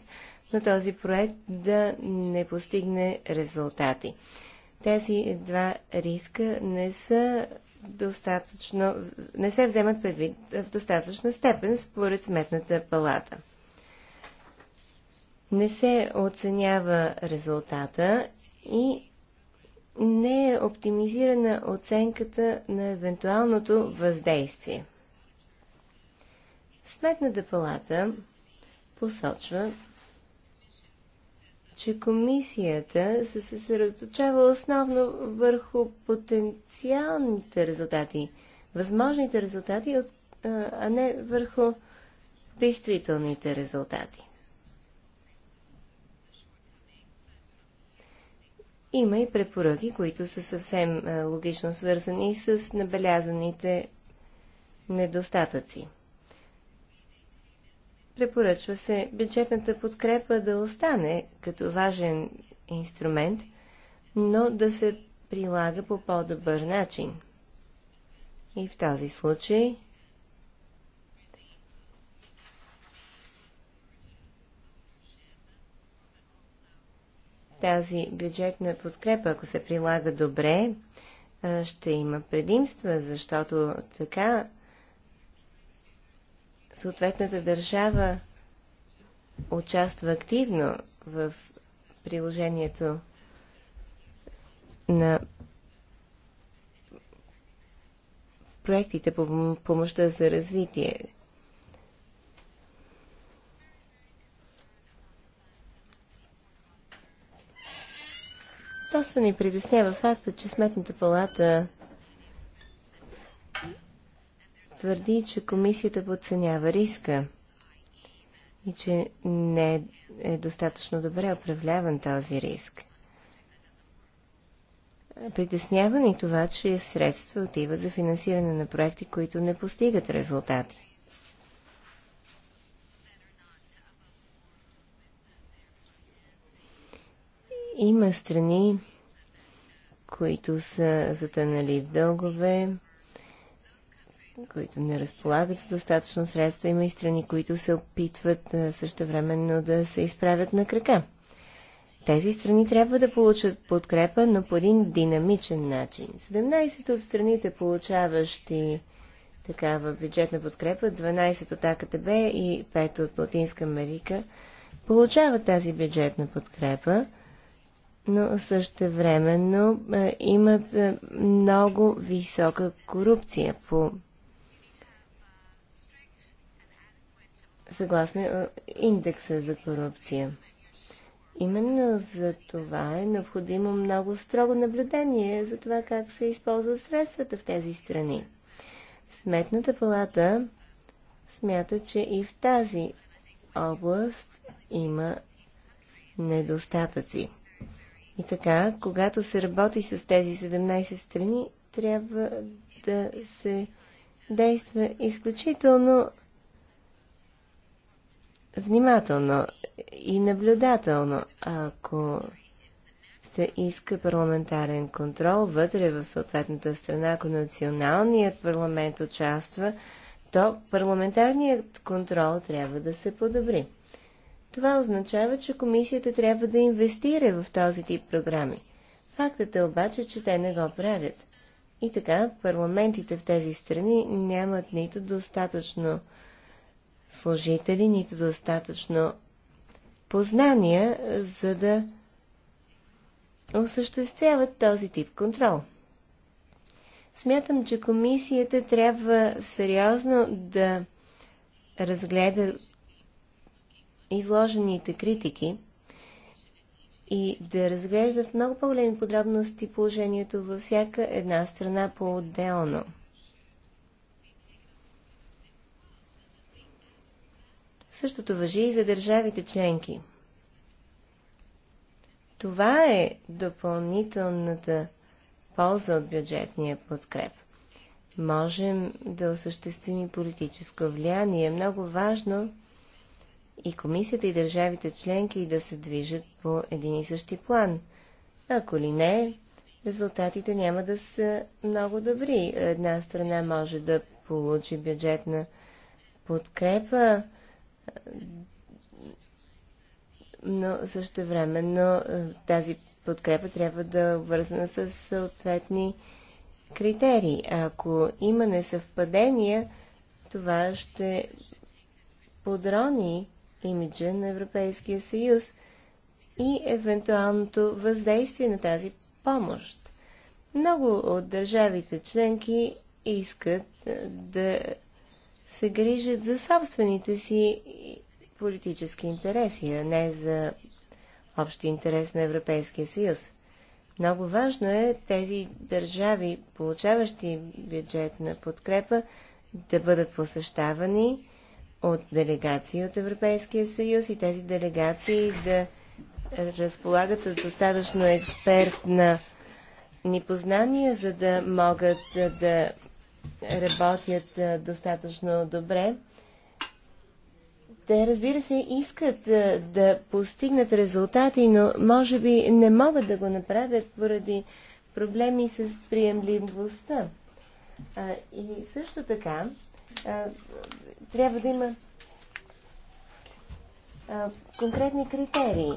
но този проект да не постигне резултати. Тези два риска не са достатъчно, не се вземат предвид в достатъчна степен според сметната палата. Не се оценява резултата и не е оптимизирана оценката на евентуалното въздействие. Сметната палата посочва, че комисията се съсредоточава основно върху потенциалните резултати, възможните резултати, а не върху действителните резултати. Има и препоръки, които са съвсем логично свързани с набелязаните недостатъци. Препоръчва се бюджетната подкрепа да остане като важен инструмент, но да се прилага по по-добър начин. И в този случай тази бюджетна подкрепа, ако се прилага добре, ще има предимства, защото така съответната държава участва активно в приложението на проектите по помощта за развитие. Доста ни притеснява факта, че Сметната палата твърди, че комисията подценява риска и че не е достатъчно добре управляван този риск. Притеснява ни това, че средства отиват за финансиране на проекти, които не постигат резултати. Има страни, които са затънали в дългове, които не разполагат с достатъчно средства. Има и страни, които се опитват същевременно да се изправят на крака. Тези страни трябва да получат подкрепа, но по един динамичен начин. 17 от страните, получаващи такава бюджетна подкрепа, 12 от АКТБ и 5 от Латинска Америка, получават тази бюджетна подкрепа, но същевременно имат много висока корупция по съгласно е, индекса за корупция. Именно за това е необходимо много строго наблюдение за това как се използват средствата в тези страни. Сметната палата смята, че и в тази област има недостатъци. И така, когато се работи с тези 17 страни, трябва да се действа изключително внимателно и наблюдателно, ако се иска парламентарен контрол вътре в съответната страна, ако националният парламент участва, то парламентарният контрол трябва да се подобри. Това означава, че комисията трябва да инвестира в този тип програми. Фактът е обаче, че те не го правят. И така, парламентите в тези страни нямат нито достатъчно служители, нито достатъчно познания, за да осъществяват този тип контрол. Смятам, че комисията трябва сериозно да разгледа изложените критики и да разглежда в много по-големи подробности положението във всяка една страна по-отделно. Същото въжи и за държавите членки. Това е допълнителната полза от бюджетния подкреп. Можем да осъществим и политическо влияние. Е много важно и комисията и държавите членки да се движат по един и същи план. Ако ли не, резултатите няма да са много добри. Една страна може да получи бюджетна подкрепа, но също времено е, тази подкрепа трябва да е вързана с съответни критерии. Ако има несъвпадения, това ще подрони имиджа на Европейския съюз и евентуалното въздействие на тази помощ. Много от държавите членки искат е, да се грижат за собствените си политически интереси, а не за общи интерес на Европейския съюз. Много важно е тези държави, получаващи бюджетна подкрепа, да бъдат посещавани от делегации от Европейския съюз и тези делегации да разполагат с достатъчно експертна ни познания, за да могат да, да работят достатъчно добре. Те, разбира се, искат да постигнат резултати, но може би не могат да го направят поради проблеми с приемливостта. и също така, трябва да има конкретни критерии.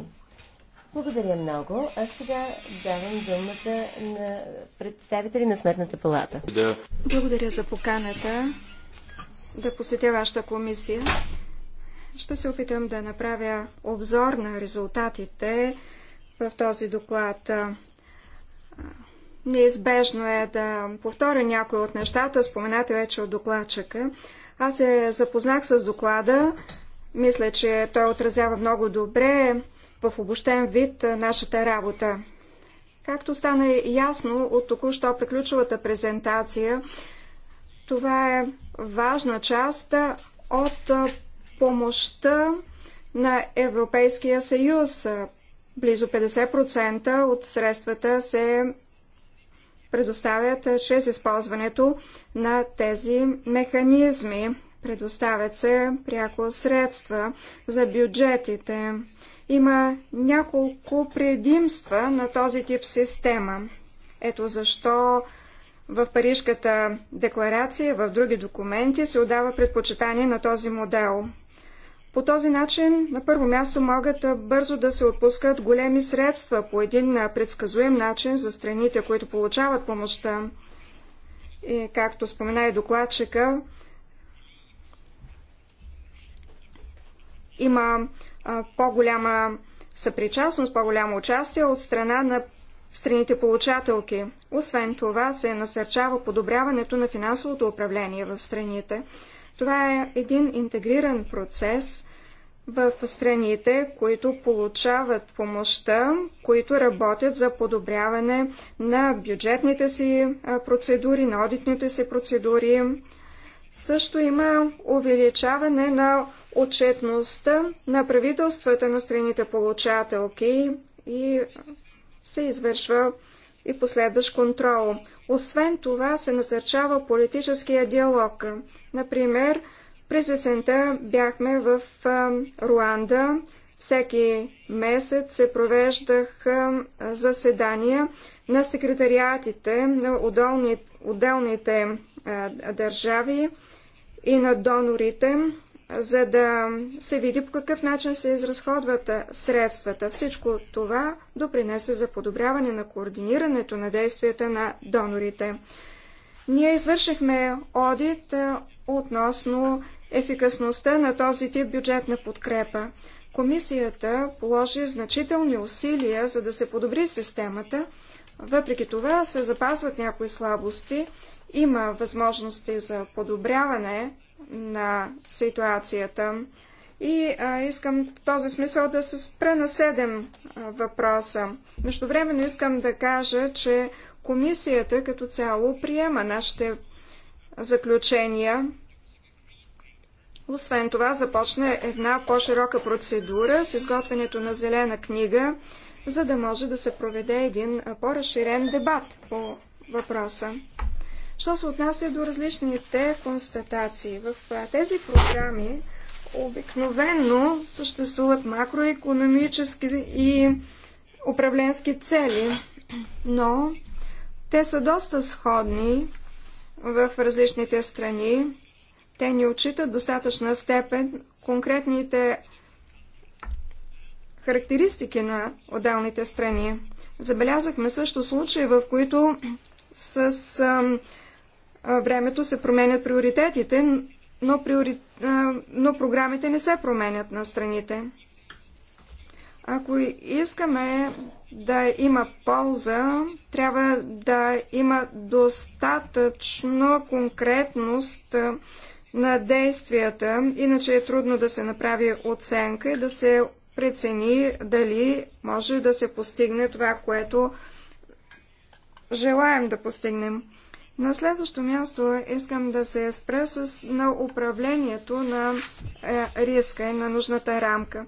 Благодаря много. А сега давам думата на представители на Сметната палата. Да. Благодаря за поканата да посетя вашата комисия. Ще се опитам да направя обзор на резултатите в този доклад. Неизбежно е да повторя някои от нещата, споменати вече от докладчика. Аз се запознах с доклада. Мисля, че той отразява много добре в обобщен вид нашата работа. Както стана ясно от току-що приключилата презентация, това е важна част от помощта на Европейския съюз. Близо 50% от средствата се предоставят чрез използването на тези механизми. Предоставят се пряко средства за бюджетите. Има няколко предимства на този тип система. Ето защо в Парижката декларация, в други документи се отдава предпочитание на този модел. По този начин, на първо място, могат бързо да се отпускат големи средства по един предсказуем начин за страните, които получават помощта. И, както спомена и докладчика, има по-голяма съпричастност, по-голямо участие от страна на страните получателки. Освен това се насърчава подобряването на финансовото управление в страните. Това е един интегриран процес в страните, които получават помощта, които работят за подобряване на бюджетните си процедури, на одитните си процедури. Също има увеличаване на отчетността на правителствата на страните получателки и се извършва и последващ контрол. Освен това се насърчава политическия диалог. Например, през есента бяхме в Руанда. Всеки месец се провеждах заседания на секретариатите на отделните държави и на донорите за да се види по какъв начин се изразходват средствата. Всичко това допринесе за подобряване на координирането на действията на донорите. Ние извършихме одит относно ефикасността на този тип бюджетна подкрепа. Комисията положи значителни усилия, за да се подобри системата. Въпреки това се запазват някои слабости, има възможности за подобряване на ситуацията. И а, искам в този смисъл да се спра на седем въпроса. въпроса. Междувременно искам да кажа, че комисията като цяло приема нашите заключения. Освен това, започна една по-широка процедура с изготвянето на зелена книга, за да може да се проведе един по-разширен дебат по въпроса. Що се отнася до различните констатации? В тези програми обикновенно съществуват макроекономически и управленски цели, но те са доста сходни в различните страни. Те ни отчитат достатъчна степен конкретните характеристики на отделните страни. Забелязахме също случаи, в които с времето се променят приоритетите, но, приори... но програмите не се променят на страните. Ако искаме да има полза, трябва да има достатъчно конкретност на действията, иначе е трудно да се направи оценка и да се прецени дали може да се постигне това, което желаем да постигнем. На следващо място искам да се спра с, на управлението на е, риска и на нужната рамка.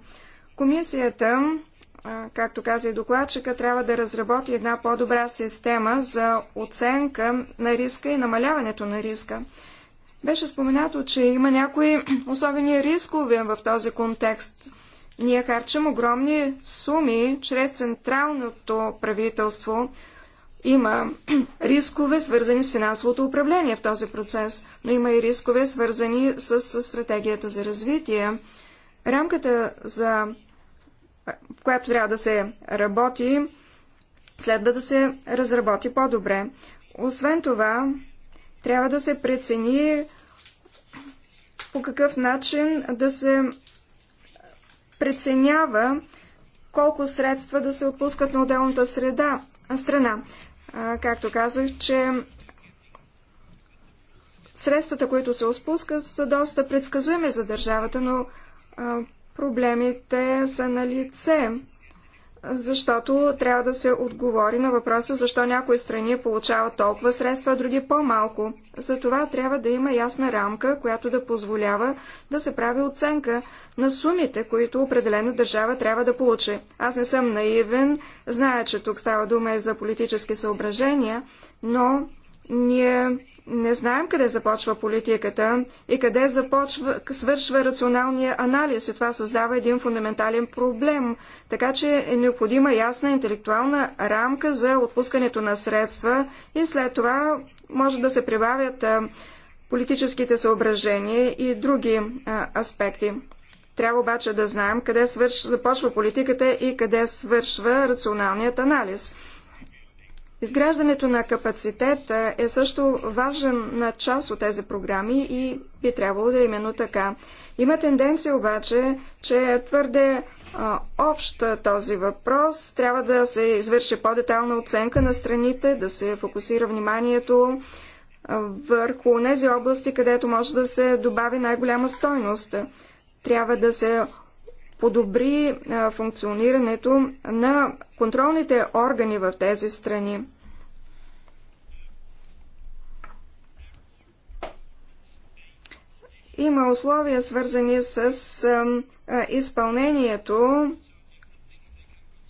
Комисията, е, както каза и докладчика, трябва да разработи една по-добра система за оценка на риска и намаляването на риска. Беше споменато, че има някои особени рискове в този контекст. Ние харчим огромни суми чрез централното правителство, има рискове, свързани с финансовото управление в този процес, но има и рискове, свързани с стратегията за развитие. Рамката, за... в която трябва да се работи, следва да се разработи по-добре. Освен това, трябва да се прецени по какъв начин да се преценява колко средства да се отпускат на отделната среда, страна както казах, че средствата, които се отпускат, са доста предсказуеми за държавата, но проблемите са на лице защото трябва да се отговори на въпроса защо някои страни получават толкова средства, а други по-малко. За това трябва да има ясна рамка, която да позволява да се прави оценка на сумите, които определена държава трябва да получи. Аз не съм наивен, зная, че тук става дума и за политически съображения, но ние не знаем къде започва политиката и къде започва, свършва рационалния анализ и това създава един фундаментален проблем. Така че е необходима ясна интелектуална рамка за отпускането на средства и след това може да се прибавят политическите съображения и други аспекти. Трябва обаче да знаем къде свърш... започва политиката и къде свършва рационалният анализ. Изграждането на капацитет е също важен на част от тези програми и би трябвало да е именно така. Има тенденция обаче, че е твърде а, общ този въпрос. Трябва да се извърши по-детална оценка на страните, да се фокусира вниманието върху тези области, където може да се добави най-голяма стойност. Трябва да се подобри функционирането на контролните органи в тези страни. Има условия свързани с изпълнението,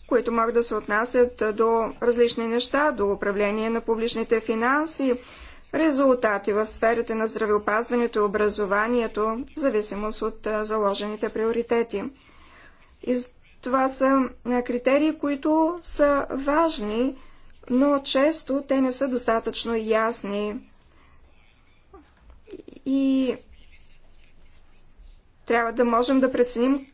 които могат да се отнасят до различни неща, до управление на публичните финанси, резултати в сферите на здравеопазването и образованието, в зависимост от заложените приоритети. И това са критерии, които са важни, но често те не са достатъчно ясни. И трябва да можем да преценим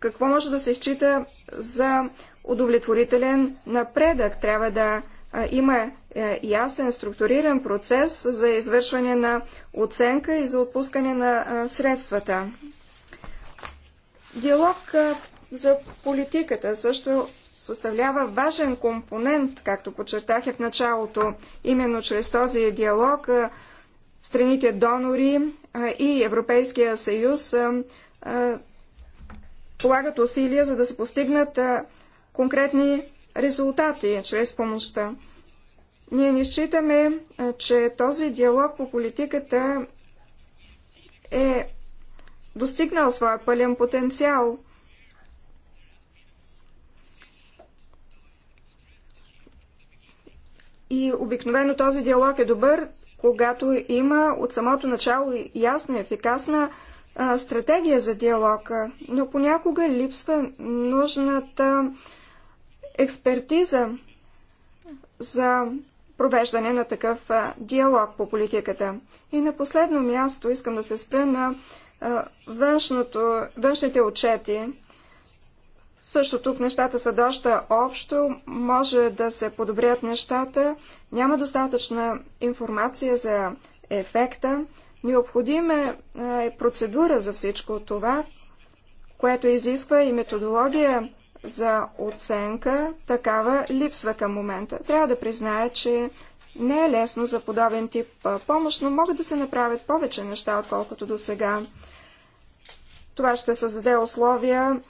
какво може да се счита за удовлетворителен напредък. Трябва да има е, ясен структуриран процес за извършване на оценка и за отпускане на средствата. Диалог за политиката също съставлява важен компонент, както подчертах в началото. Именно чрез този диалог страните донори и Европейския съюз полагат усилия, за да се постигнат конкретни резултати чрез помощта. Ние не считаме, че този диалог по политиката е достигнал своя пълен потенциал. И обикновено този диалог е добър, когато има от самото начало ясна, и ефикасна а, стратегия за диалога, но понякога липсва нужната експертиза за провеждане на такъв а, диалог по политиката. И на последно място искам да се спра на външното, външните отчети. Също тук нещата са доста общо, може да се подобрят нещата, няма достатъчна информация за ефекта. Необходима е, е процедура за всичко това, което изисква и методология за оценка, такава липсва към момента. Трябва да призная, че не е лесно за подобен тип помощ, но могат да се направят повече неща, отколкото до сега. Това ще създаде условия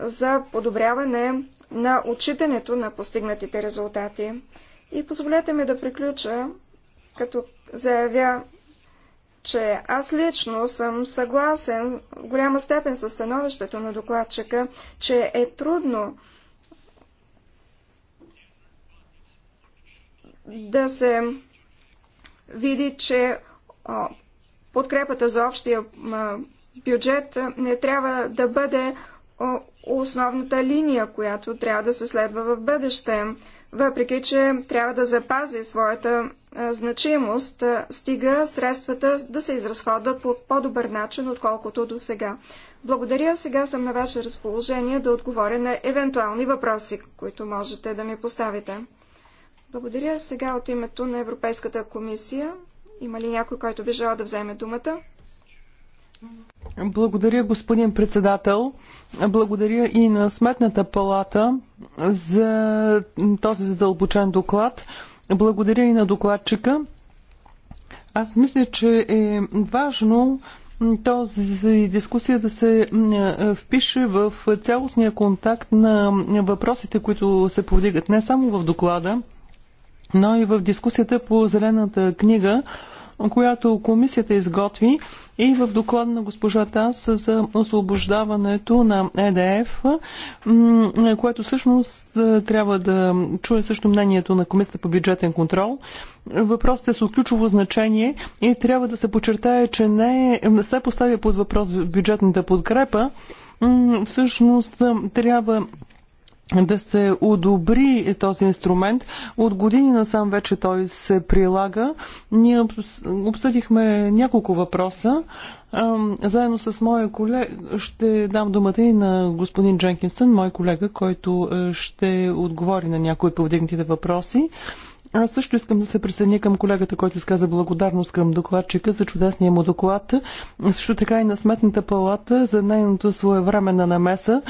за подобряване на отчитането на постигнатите резултати. И позволете ми да приключа, като заявя, че аз лично съм съгласен в голяма степен с становището на докладчика, че е трудно да се види, че подкрепата за общия бюджет не трябва да бъде основната линия, която трябва да се следва в бъдеще, въпреки че трябва да запази своята значимост, стига средствата да се изразходват по по-добър начин, отколкото до сега. Благодаря, сега съм на ваше разположение да отговоря на евентуални въпроси, които можете да ми поставите. Благодаря. Сега от името на Европейската комисия. Има ли някой, който би желал да вземе думата? Благодаря, господин председател. Благодаря и на Сметната палата за този задълбочен доклад. Благодаря и на докладчика. Аз мисля, че е важно този дискусия да се е, впише в цялостния контакт на въпросите, които се повдигат не само в доклада, но и в дискусията по Зелената книга, която комисията изготви и в доклад на госпожа Тас за освобождаването на ЕДФ, което всъщност е, трябва да чуе също мнението на комисията по бюджетен контрол. Въпросите са от ключово значение и трябва да се подчертае, че не, не се поставя под въпрос бюджетната подкрепа. Всъщност е, трябва да се одобри този инструмент. От години насам вече той се прилага. Ние обсъдихме няколко въпроса. Заедно с моя колега ще дам думата и на господин Дженкинсън, мой колега, който е, ще отговори на някои повдигнатите въпроси. Аз също искам да се присъединя към колегата, който изказа благодарност към докладчика за чудесния му доклад. Също така и на Сметната палата за нейното своевременна намеса.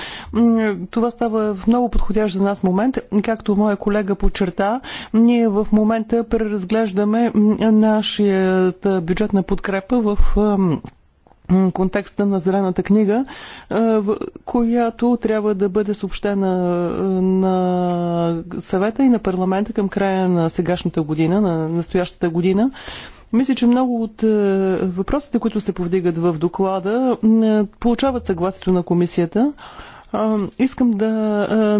Това става в много подходящ за нас момент. Както моя колега подчерта, ние в момента преразглеждаме нашата бюджетна подкрепа в контекста на Зелената книга, която трябва да бъде съобщена на съвета и на парламента към края на сегашната година, на настоящата година. Мисля, че много от въпросите, които се повдигат в доклада, получават съгласието на комисията. Искам да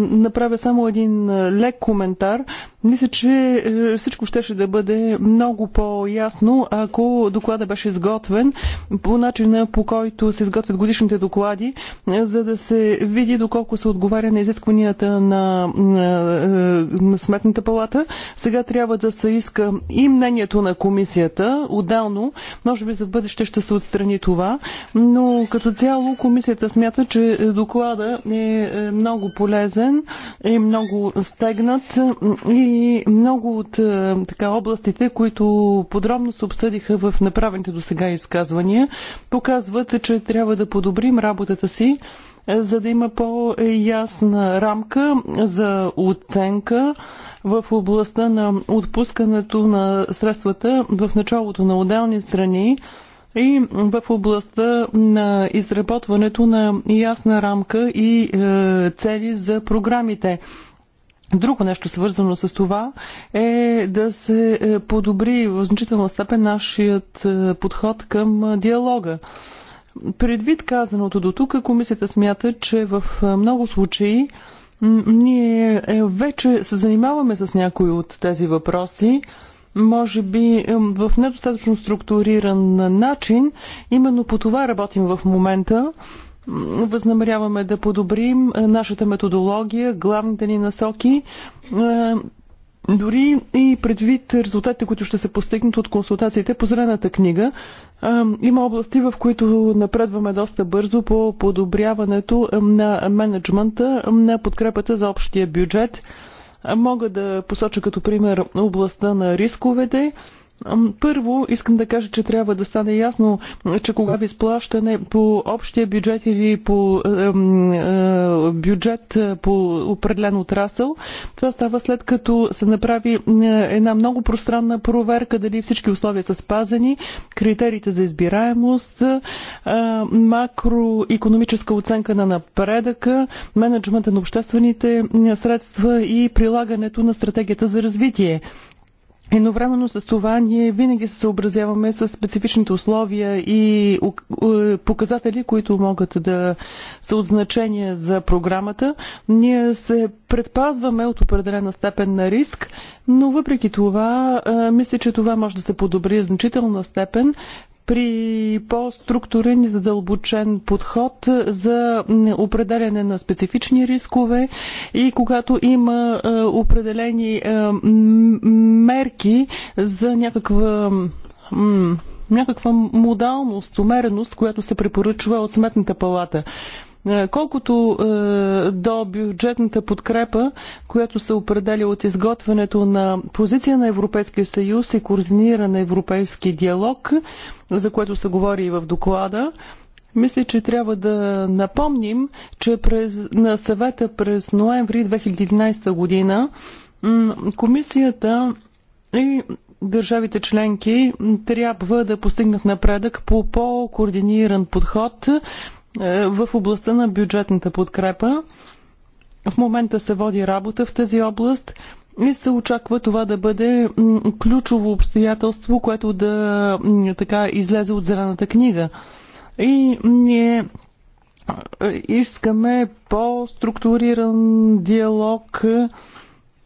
направя само един лек коментар. Мисля, че е, всичко щеше да бъде много по-ясно, ако доклада беше изготвен по начина по който се изготвят годишните доклади, е, за да се види доколко се отговаря на изискванията на, на, е, на Сметната палата. Сега трябва да се иска и мнението на комисията, отдално. Може би за бъдеще ще се отстрани това, но като цяло комисията смята, че доклада е много полезен, е много стегнат и и много от е, така, областите, които подробно се обсъдиха в направените до сега изказвания, показват, че трябва да подобрим работата си, е, за да има по-ясна рамка за оценка в областта на отпускането на средствата в началото на отделни страни и в областта на изработването на ясна рамка и е, цели за програмите. Друго нещо свързано с това е да се е, подобри в значителна степен нашият е, подход към е, диалога. Предвид казаното до тук, комисията смята, че в много случаи ние вече се занимаваме с някои от тези въпроси, може би в недостатъчно структуриран начин. Именно по това работим в момента. Възнамеряваме да подобрим е, нашата методология, главните ни насоки, е, дори и предвид резултатите, които ще се постигнат от консултациите по зелената книга, е, има области, в които напредваме доста бързо по подобряването на менеджмента, на подкрепата за общия бюджет. Мога да посоча като пример областта на рисковете, първо, искам да кажа, че трябва да стане ясно, че кога ви изплащане по общия бюджет или по бюджет по определен отрасъл, това става след като се направи една много пространна проверка дали всички условия са спазени, критериите за избираемост, макроекономическа оценка на напредъка, менеджмента на обществените средства и прилагането на стратегията за развитие. Едновременно с това ние винаги се съобразяваме с специфичните условия и показатели, които могат да са от значение за програмата. Ние се предпазваме от определена степен на риск, но въпреки това мисля, че това може да се подобри в значителна степен, при по-структурен и задълбочен подход за определяне на специфични рискове и когато има е, определени е, мерки за някаква някаква модалност, умереност, която се препоръчва от сметната палата. Е, колкото е, до бюджетната подкрепа, която се определя от изготвянето на позиция на Европейския съюз и координира на европейски диалог, за което се говори и в доклада, мисля, че трябва да напомним, че през, на съвета през ноември 2011 година комисията и държавите членки трябва да постигнат напредък по по-координиран подход е, в областта на бюджетната подкрепа. В момента се води работа в тази област и се очаква това да бъде ключово обстоятелство, което да така излезе от зелената книга. И ние е, искаме по-структуриран диалог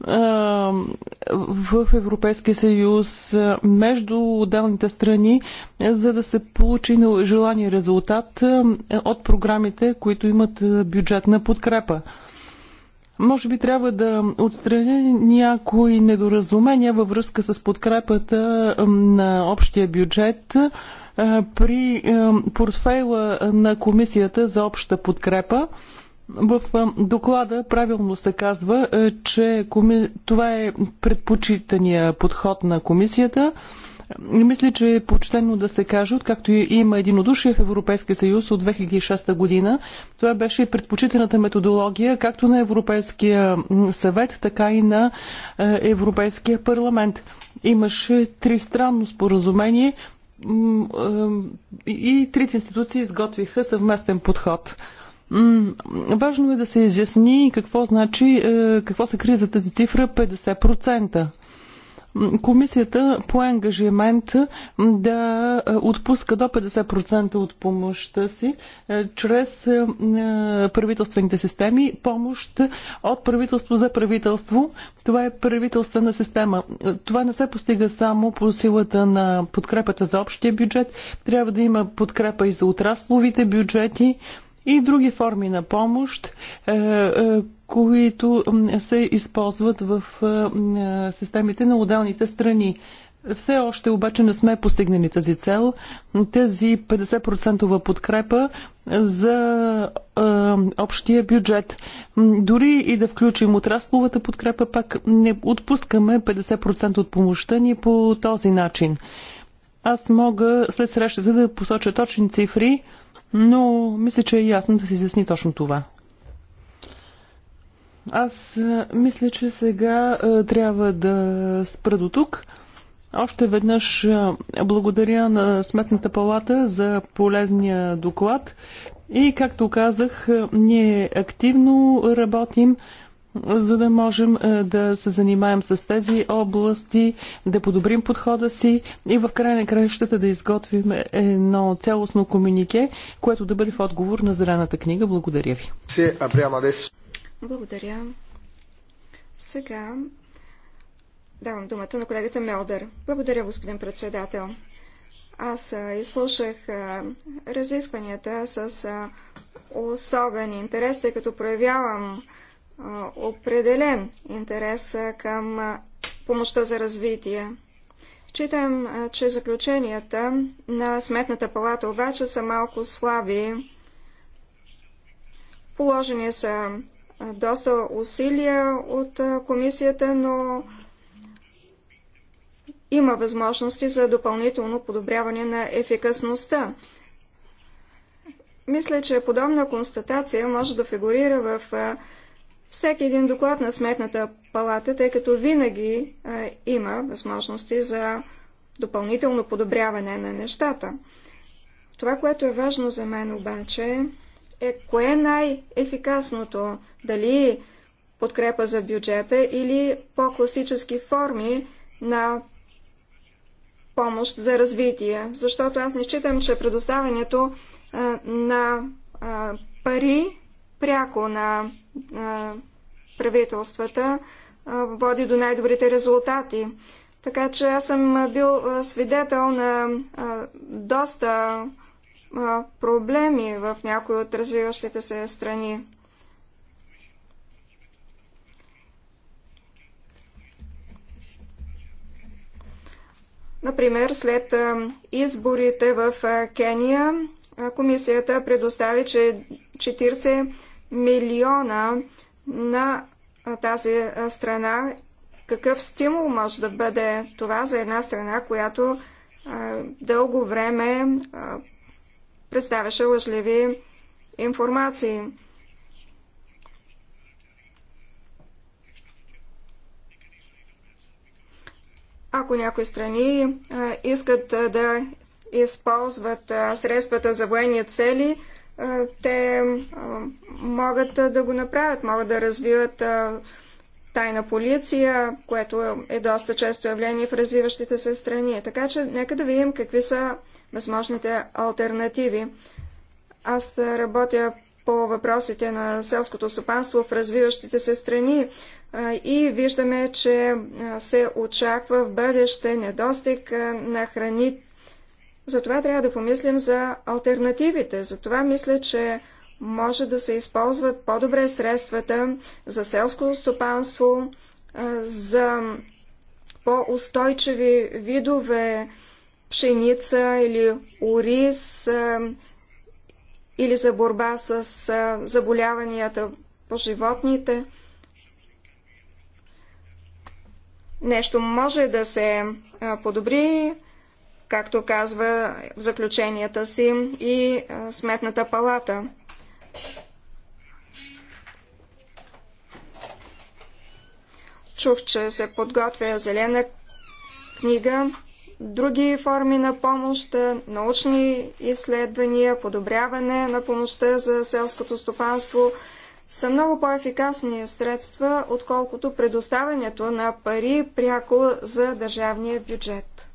в Европейския съюз между отделните страни, за да се получи желания резултат от програмите, които имат бюджетна подкрепа. Може би трябва да отстраня някои недоразумения във връзка с подкрепата на общия бюджет при портфейла на Комисията за обща подкрепа. В доклада правилно се казва, че това е предпочитания подход на комисията. Мисля, че е почтено да се каже, откакто има единодушие в Европейския съюз от 2006 година, това беше предпочитаната методология както на Европейския съвет, така и на Европейския парламент. Имаше тристранно споразумение и трите институции изготвиха съвместен подход. Важно е да се изясни какво значи, е, какво се крие за тази цифра 50%. Комисията по ангажимент да е, отпуска до 50% от помощта си е, чрез правителствените системи, помощ от правителство за правителство. Това е правителствена система. Това не се постига само по силата на подкрепата за общия бюджет. Трябва да има подкрепа и за отрасловите бюджети и други форми на помощ, е, е, които се използват в е, системите на отделните страни. Все още обаче не сме постигнали тази цел. Тази 50% подкрепа за е, общия бюджет. Дори и да включим отрасловата подкрепа, пак не отпускаме 50% от помощта ни по този начин. Аз мога след срещата да посоча точни цифри. Е, но мисля, че е ясно да се изясни точно това. Аз е, мисля, че сега е, трябва да спра до тук. Още веднъж е, благодаря на Сметната палата за полезния доклад и, както казах, ние активно работим за да можем е, да се занимаем с тези области, да подобрим подхода си и в края на краищата да изготвим едно цялостно комюнике, което да бъде в отговор на Зелената книга. Благодаря ви. Благодаря. Сега давам думата на колегата Мелдър. Благодаря, господин председател. Аз изслушах разискванията с особен интерес, тъй като проявявам определен интерес към помощта за развитие. Читам, че заключенията на Сметната палата обаче са малко слаби. Положени са доста усилия от комисията, но има възможности за допълнително подобряване на ефикасността. Мисля, че подобна констатация може да фигурира в всеки един доклад на Сметната палата, тъй като винаги а, е, има възможности за допълнително подобряване на нещата. Това, което е важно за мен обаче, е кое е най-ефикасното, дали подкрепа за бюджета или по-класически форми на помощ за развитие, защото аз не считам, че предоставянето а, е, на а, е, пари пряко на правителствата води до най-добрите резултати. Така че аз съм бил свидетел на доста проблеми в някои от развиващите се страни. Например, след изборите в Кения комисията предостави, че 40 милиона на тази страна. Какъв стимул може да бъде това за една страна, която дълго време представяше лъжливи информации? Ако някои страни искат да използват средствата за военни цели, те могат да го направят, могат да развиват тайна полиция, което е доста често явление в развиващите се страни. Така че нека да видим какви са възможните альтернативи. Аз работя по въпросите на селското стопанство в развиващите се страни и виждаме, че се очаква в бъдеще недостиг на храни, затова трябва да помислим за альтернативите. Затова мисля, че може да се използват по-добре средствата за селско стопанство, за по-устойчиви видове пшеница или ориз, или за борба с заболяванията по животните. Нещо може да се подобри, както казва в заключенията си и Сметната палата. Чух, че се подготвя зелена книга, други форми на помощ, научни изследвания, подобряване на помощта за селското стопанство са много по-ефикасни средства, отколкото предоставянето на пари пряко за държавния бюджет.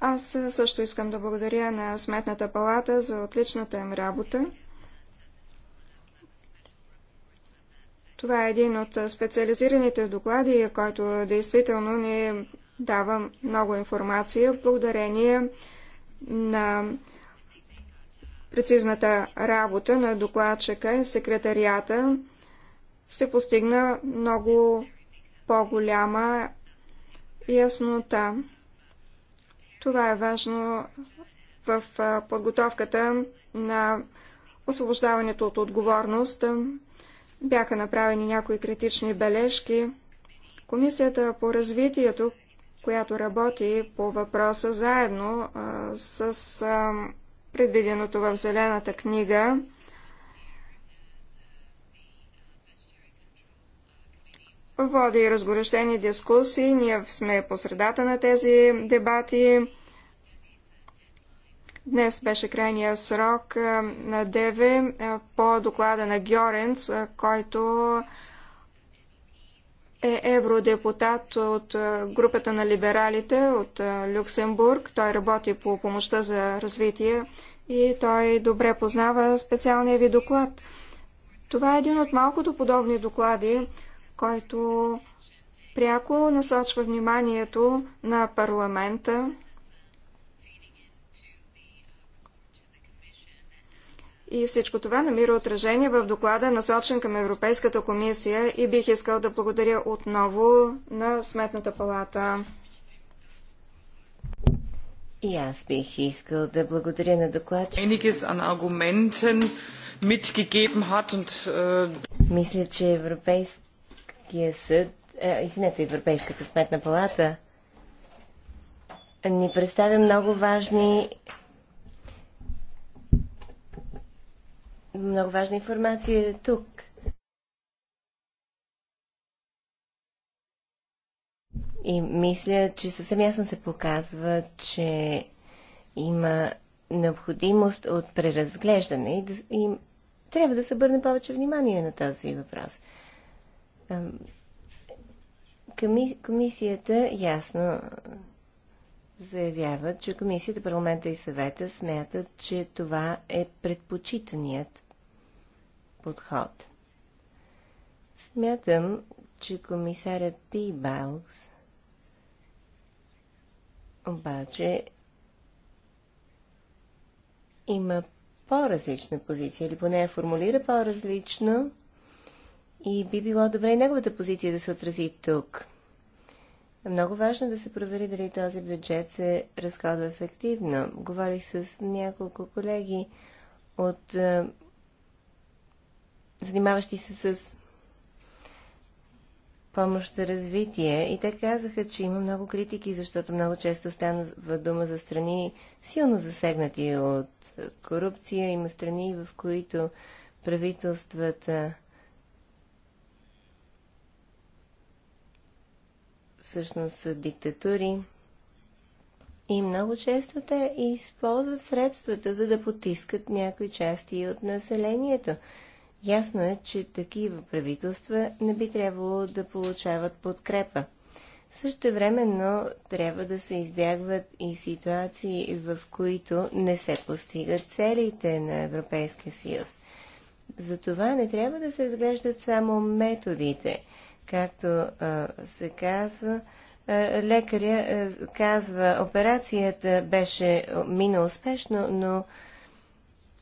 Аз също искам да благодаря на Сметната палата за отличната им работа. Това е един от специализираните доклади, който действително ни дава много информация благодарение на прецизната работа на докладчика и секретарията се постигна много по-голяма яснота. Това е важно в подготовката на освобождаването от отговорност. Бяха направени някои критични бележки. Комисията по развитието, която работи по въпроса заедно с предвиденото в Зелената книга, води разгорещени дискусии. Ние сме по средата на тези дебати. Днес беше крайния срок на ДЕВЕ по доклада на Гьоренц, който е евродепутат от групата на либералите от Люксембург. Той работи по помощта за развитие и той добре познава специалния ви доклад. Това е един от малкото подобни доклади, който пряко насочва вниманието на парламента И всичко това намира отражение в доклада, насочен към Европейската комисия и бих искал да благодаря отново на Сметната палата. И аз бих искал да благодаря на докладчика. Äh, Мисля, че Европейската Европейския съд, а, извинете, Европейската сметна палата ни представя много важни много важна информация тук. И мисля, че съвсем ясно се показва, че има необходимост от преразглеждане и, да, и трябва да се обърне повече внимание на този въпрос. Комисията ясно заявява, че Комисията, парламента и съвета смятат, че това е предпочитаният подход. Смятам, че комисарят Пи Балкс обаче има по-различна позиция, или поне я формулира по-различно и би било добре и неговата позиция да се отрази тук. Е много важно да се провери дали този бюджет се разходва ефективно. Говорих с няколко колеги от е, занимаващи се с помощ за развитие и те казаха, че има много критики, защото много често стана в дума за страни силно засегнати от корупция. Има страни, в които правителствата всъщност са диктатури. И много често те използват средствата, за да потискат някои части от населението. Ясно е, че такива правителства не би трябвало да получават подкрепа. Също времено трябва да се избягват и ситуации, в които не се постигат целите на Европейския съюз. Затова не трябва да се разглеждат само методите – както се казва, лекаря казва, операцията беше мина успешно, но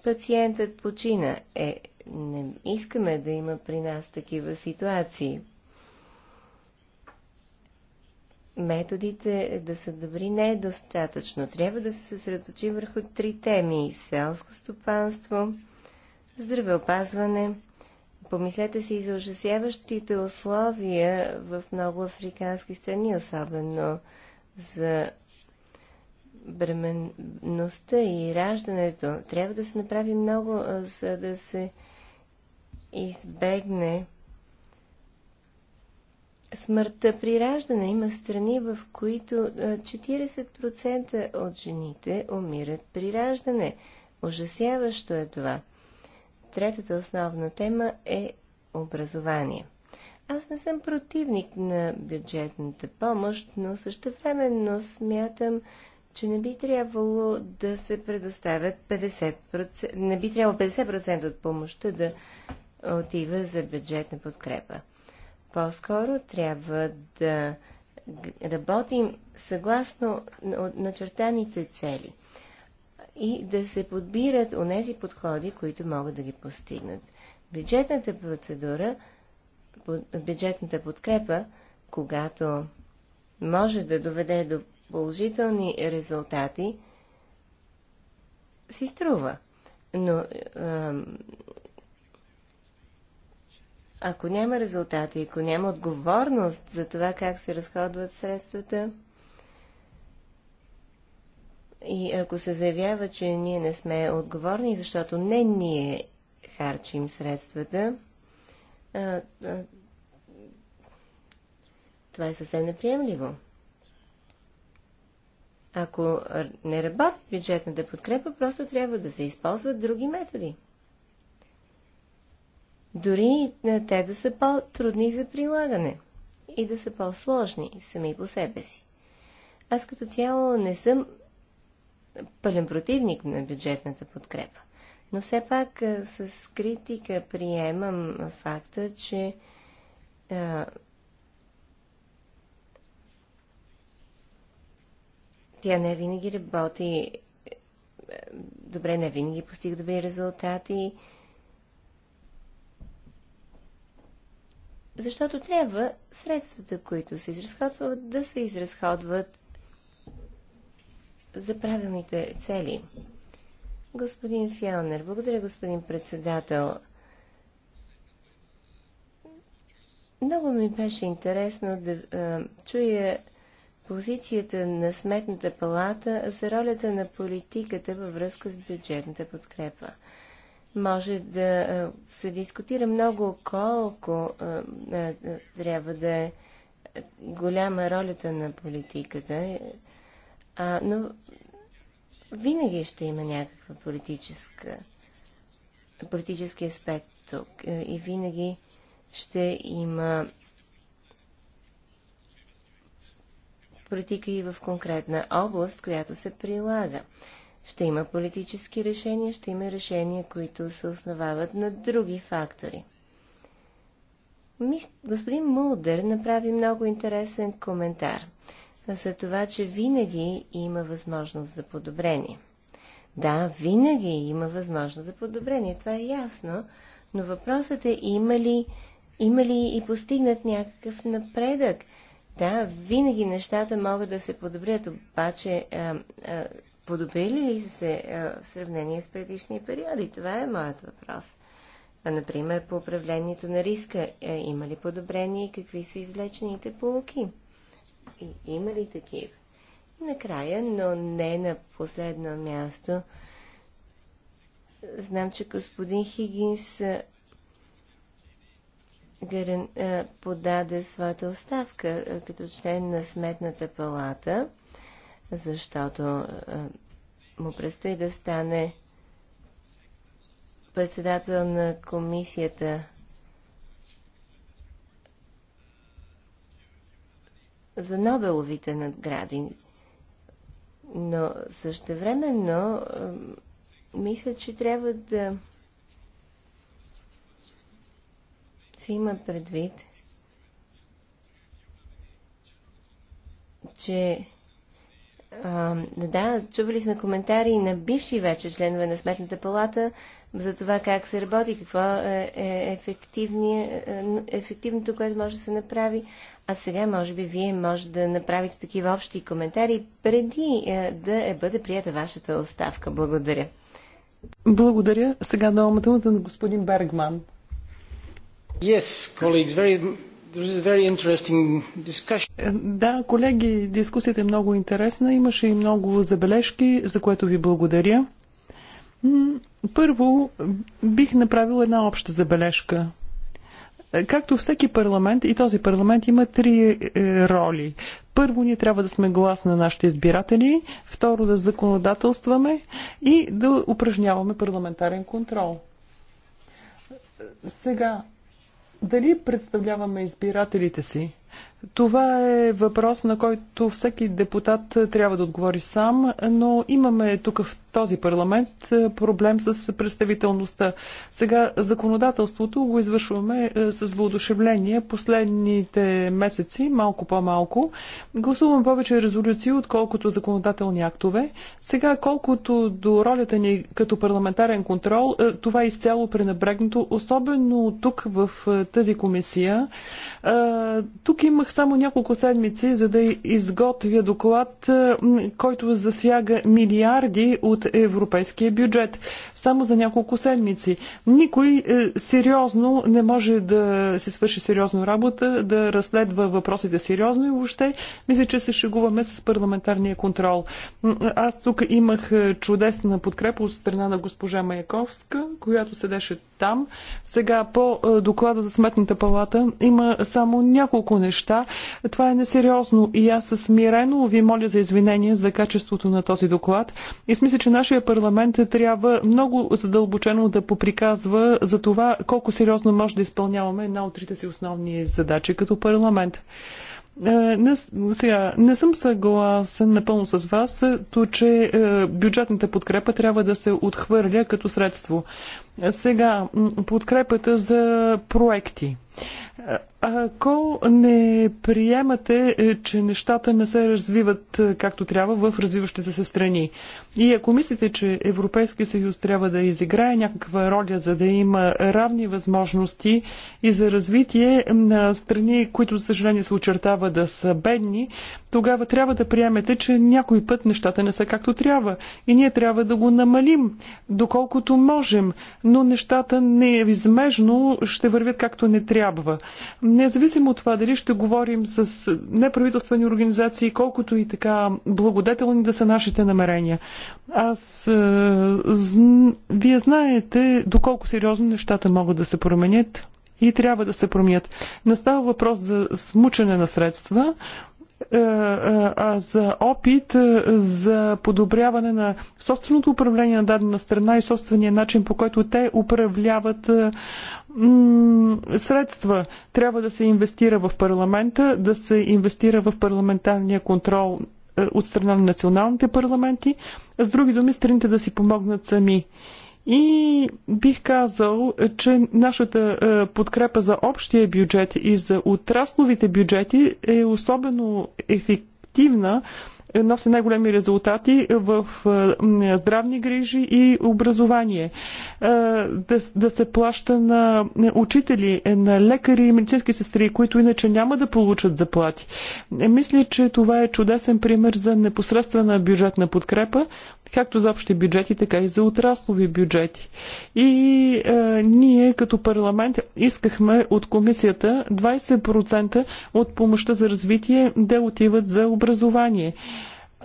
пациентът почина. Е, не искаме да има при нас такива ситуации. Методите да са добри не е достатъчно. Трябва да се съсредоточим върху три теми – селско стопанство, здравеопазване – Помислете си за ужасяващите условия в много африкански страни, особено за бременността и раждането. Трябва да се направи много, за да се избегне смъртта при раждане. Има страни, в които 40% от жените умират при раждане. Ужасяващо е това третата основна тема е образование. Аз не съм противник на бюджетната помощ, но същевременно смятам, че не би трябвало да се предоставят 50%, не би трябвало 50% от помощта да отива за бюджетна подкрепа. По-скоро трябва да работим съгласно начертаните цели – и да се подбират онези подходи, които могат да ги постигнат. Бюджетната процедура, бюджетната подкрепа, когато може да доведе до положителни резултати, си струва. Но ако няма резултати, ако няма отговорност за това как се разходват средствата, и ако се заявява, че ние не сме отговорни, защото не ние харчим средствата, това е съвсем неприемливо. Ако не работи бюджетната подкрепа, просто трябва да се използват други методи. Дори те да са по-трудни за прилагане и да са по-сложни сами по себе си. Аз като цяло не съм пълен противник на бюджетната подкрепа. Но все пак с критика приемам факта, че а, тя не винаги работи добре, не винаги постига добри резултати. Защото трябва средствата, които се изразходват, да се изразходват за правилните цели. Господин Фялнер, благодаря, господин председател. Много ми беше интересно да а, чуя позицията на Сметната палата за ролята на политиката във връзка с бюджетната подкрепа. Може да се дискутира много колко а, а, трябва да е голяма ролята на политиката а, но винаги ще има някаква политическа, политически аспект тук. Е, и винаги ще има политика и в конкретна област, която се прилага. Ще има политически решения, ще има решения, които се основават на други фактори. Господин Мулдер направи много интересен коментар – за това, че винаги има възможност за подобрение. Да, винаги има възможност за подобрение, това е ясно, но въпросът е има ли, има ли и постигнат някакъв напредък. Да, винаги нещата могат да се подобрят, обаче подобрили ли са се а, в сравнение с предишни периоди? Това е моят въпрос. А, например, по управлението на риска, а, е, има ли подобрение и какви са извлечените полуки? и Има ли такива? И накрая, но не на последно място, знам, че господин Хигинс подаде своята оставка като член на Сметната палата, защото му предстои да стане председател на комисията за Нобеловите награди. Но същевременно мисля, че трябва да се има предвид, че а, да, чували сме коментари на бивши вече членове на Сметната палата за това как се работи, какво е, е, е ефективното, което може да се направи. А сега, може би, вие може да направите такива общи коментари преди е, да е бъде прията вашата оставка. Благодаря. Благодаря. Сега давам думата на господин Бергман. Yes, colleagues, very е, да, колеги, дискусията е много интересна. Имаше и много забележки, за което ви благодаря. Първо, бих направил една обща забележка. Както всеки парламент, и този парламент има три е, роли. Първо, ние трябва да сме глас на нашите избиратели, второ, да законодателстваме и да упражняваме парламентарен контрол. Сега, дали представляваме избирателите си? Това е въпрос, на който всеки депутат трябва да отговори сам, но имаме тук в този парламент е, проблем с представителността. Сега законодателството го извършваме е, с воодушевление последните месеци, малко по-малко. Гласувам повече резолюции, отколкото законодателни актове. Сега, колкото до ролята ни като парламентарен контрол, е, това е изцяло пренебрегнато, особено тук в тази комисия. Тук имах само няколко седмици, за да изготвя доклад, който засяга милиарди от европейския бюджет. Само за няколко седмици. Никой е, сериозно не може да се свърши сериозно работа, да разследва въпросите сериозно и въобще мисля, че се шегуваме с парламентарния контрол. Аз тук имах е, чудесна подкрепа от страна на госпожа Маяковска, която седеше там. Сега по е, доклада за сметната палата има само няколко неща. Това е несериозно и аз смирено ви моля за извинение за качеството на този доклад. И смисля, че нашия парламент трябва много задълбочено да поприказва за това колко сериозно може да изпълняваме една от трите си основни задачи като парламент. Е, не, сега, не съм съгласен напълно с вас, е, то, че е, бюджетната подкрепа трябва да се отхвърля като средство. Сега, подкрепата за проекти. Ако не приемате, е, че нещата не се развиват е, както трябва в развиващите се страни и ако мислите, че Европейския съюз трябва да изиграе някаква роля, за да има равни възможности и за развитие на страни, които, за съжаление, се очертава да са бедни, тогава трябва да приемете, че някой път нещата не са както трябва и ние трябва да го намалим, доколкото можем, но нещата неизмежно ще вървят както не трябва трябва. Независимо от това, дали ще говорим с неправителствени организации, колкото и така благодетелни да са нашите намерения. Аз. Е, зн... Вие знаете доколко сериозно нещата могат да се променят и трябва да се променят. Не става въпрос за смучане на средства, е, е, а за опит е, за подобряване на собственото управление на дадена страна и собствения начин, по който те управляват средства трябва да се инвестира в парламента, да се инвестира в парламентарния контрол е, от страна на националните парламенти, а с други думи страните да си помогнат сами. И бих казал, че нашата е, подкрепа за общия бюджет и за отрасловите бюджети е особено ефективна, е, носи най-големи резултати в е, е, здравни грижи и образование. Да, да се плаща на учители, на лекари и медицински сестри, които иначе няма да получат заплати. Мисля, че това е чудесен пример за непосредствена бюджетна подкрепа, както за общи бюджети, така и за отраслови бюджети. И е, ние като парламент искахме от комисията 20% от помощта за развитие да отиват за образование.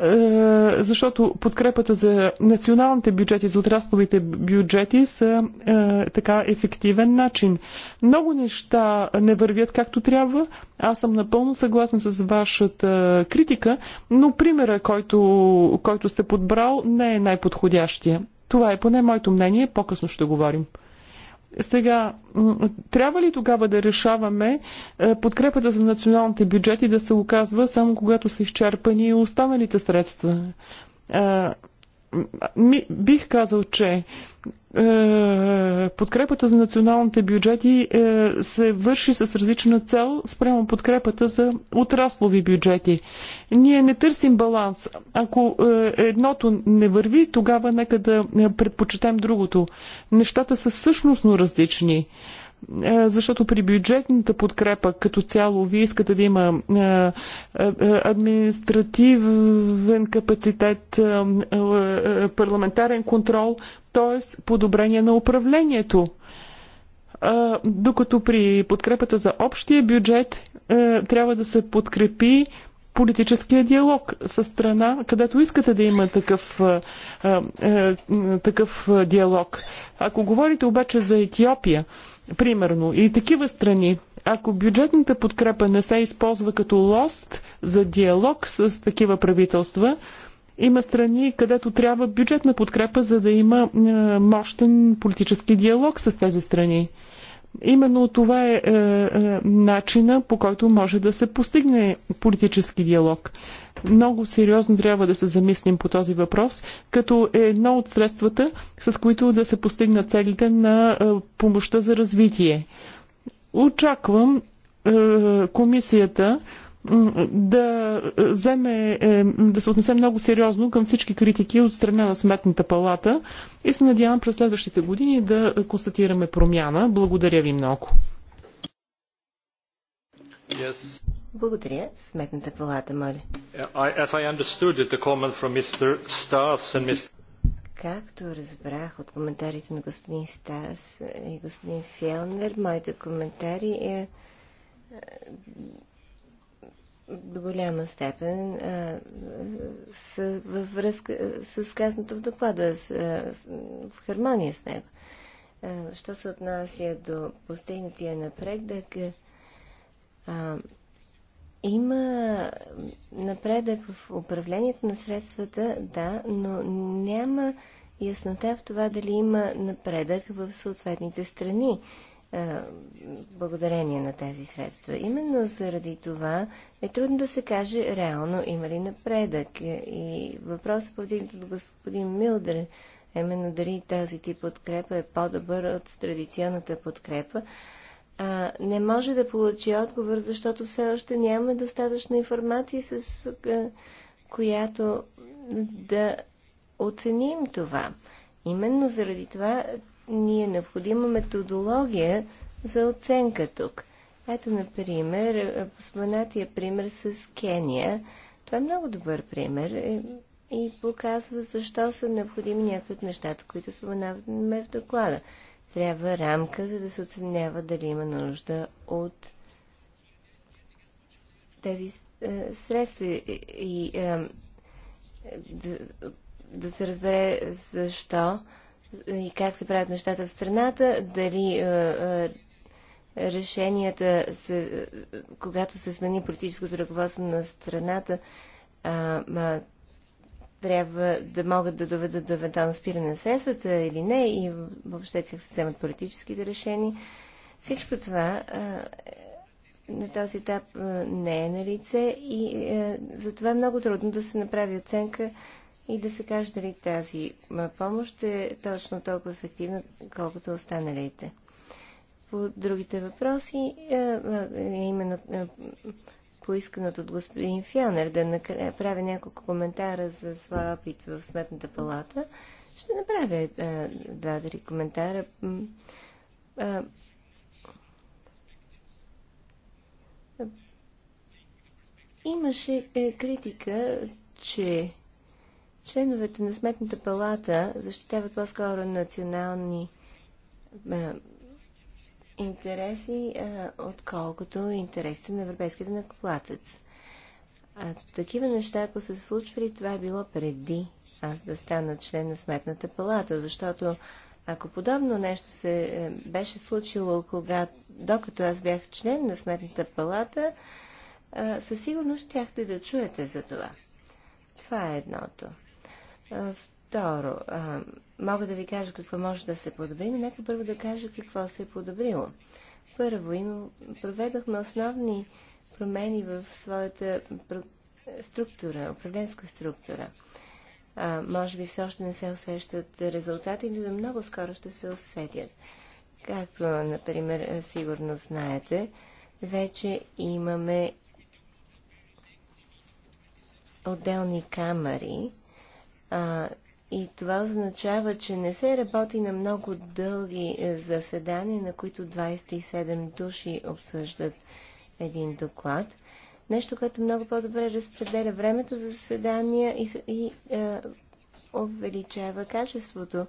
Е, защото подкрепата за националните бюджети, за отрасловите бюджети са е, така ефективен начин. Много неща не вървят както трябва. Аз съм напълно съгласна с вашата критика, но примера, който, който сте подбрал, не е най-подходящия. Това е поне моето мнение. По-късно ще говорим. Сега, трябва ли тогава да решаваме е, подкрепата за националните бюджети да се оказва само когато са изчерпани и останалите средства? Е, бих казал, че е, подкрепата за националните бюджети е, се върши с различна цел спрямо подкрепата за отраслови бюджети. Ние не търсим баланс. Ако е, едното не върви, тогава нека да предпочетем другото. Нещата са същностно различни. Е, защото при бюджетната подкрепа като цяло вие искате да има е, е, административен капацитет, парламентарен контрол, т.е. подобрение на управлението. Докато при подкрепата за общия бюджет трябва да се подкрепи политическия диалог с страна, където искате да има такъв, такъв диалог. Ако говорите обаче за Етиопия, Примерно, и такива страни, ако бюджетната подкрепа не се използва като лост за диалог с такива правителства, има страни, където трябва бюджетна подкрепа, за да има е, мощен политически диалог с тези страни. Именно това е, е, е начина по който може да се постигне политически диалог. Много сериозно трябва да се замислим по този въпрос, като е едно от средствата, с които да се постигнат целите на е, помощта за развитие. Очаквам е, комисията да е, вземе, да се отнесе много сериозно към всички критики от страна на Сметната палата и се надявам през следващите години да констатираме промяна. Благодаря ви много. Yes. Благодаря. Сметната палата, моля. Mr... Както разбрах от коментарите на господин Стас и господин Фелнер, моите коментари е, е до голяма степен е, е, а, с, във връзка с казаното в доклада, с, а, с, в хармония с него. А, що се отнася до постигнатия напредък, а, има напредък в управлението на средствата, да, но няма яснота в това дали има напредък в съответните страни благодарение на тези средства. Именно заради това е трудно да се каже реално има ли напредък. И въпросът повдигнат от господин Милдер, е именно дали тази тип подкрепа е по-добър от традиционната подкрепа, а, не може да получи отговор, защото все още нямаме достатъчно информация, с а, която да оценим това. Именно заради това ни е необходима методология за оценка тук. Ето, например, споменатия пример с Кения. Това е много добър пример е, и показва защо са необходими някои от нещата, които споменаваме в доклада трябва рамка, за да се оценява дали има нужда от тези е, средства и е, да, да се разбере защо и как се правят нещата в страната, дали е, е решенията, се, е, когато се смени политическото ръководство на страната, е, трябва да могат да доведат до евентуално спиране на средствата или не и въобще как се вземат политическите решения. Всичко това а, е, на този етап а, не е на лице и а, затова е много трудно да се направи оценка и да се каже дали тази помощ е точно толкова ефективна, колкото останалите. По другите въпроси, а, а, е именно а, поисканото от господин Фянер да направя няколко коментара за своя опит в Сметната палата, ще направя е, два-три коментара. имаше е, критика, че членовете на Сметната палата защитават по-скоро национални интереси, отколкото интересите на европейските накоплатец. А такива неща, ако са случвали, това е било преди аз да стана член на Сметната палата, защото ако подобно нещо се е, беше случило, кога, докато аз бях член на Сметната палата, със сигурност щяхте да чуете за това. Това е едното. второ, мога да ви кажа какво може да се подобри, но нека първо да кажа какво се е подобрило. Първо, им проведохме основни промени в своята структура, управленска структура. А, може би все още не се усещат резултати, но много скоро ще се усетят. Както, например, сигурно знаете, вече имаме отделни камери, а, и това означава, че не се работи на много дълги е, заседания, на които 27 души обсъждат един доклад. Нещо, което много по-добре разпределя времето за заседания и, и е, увеличава качеството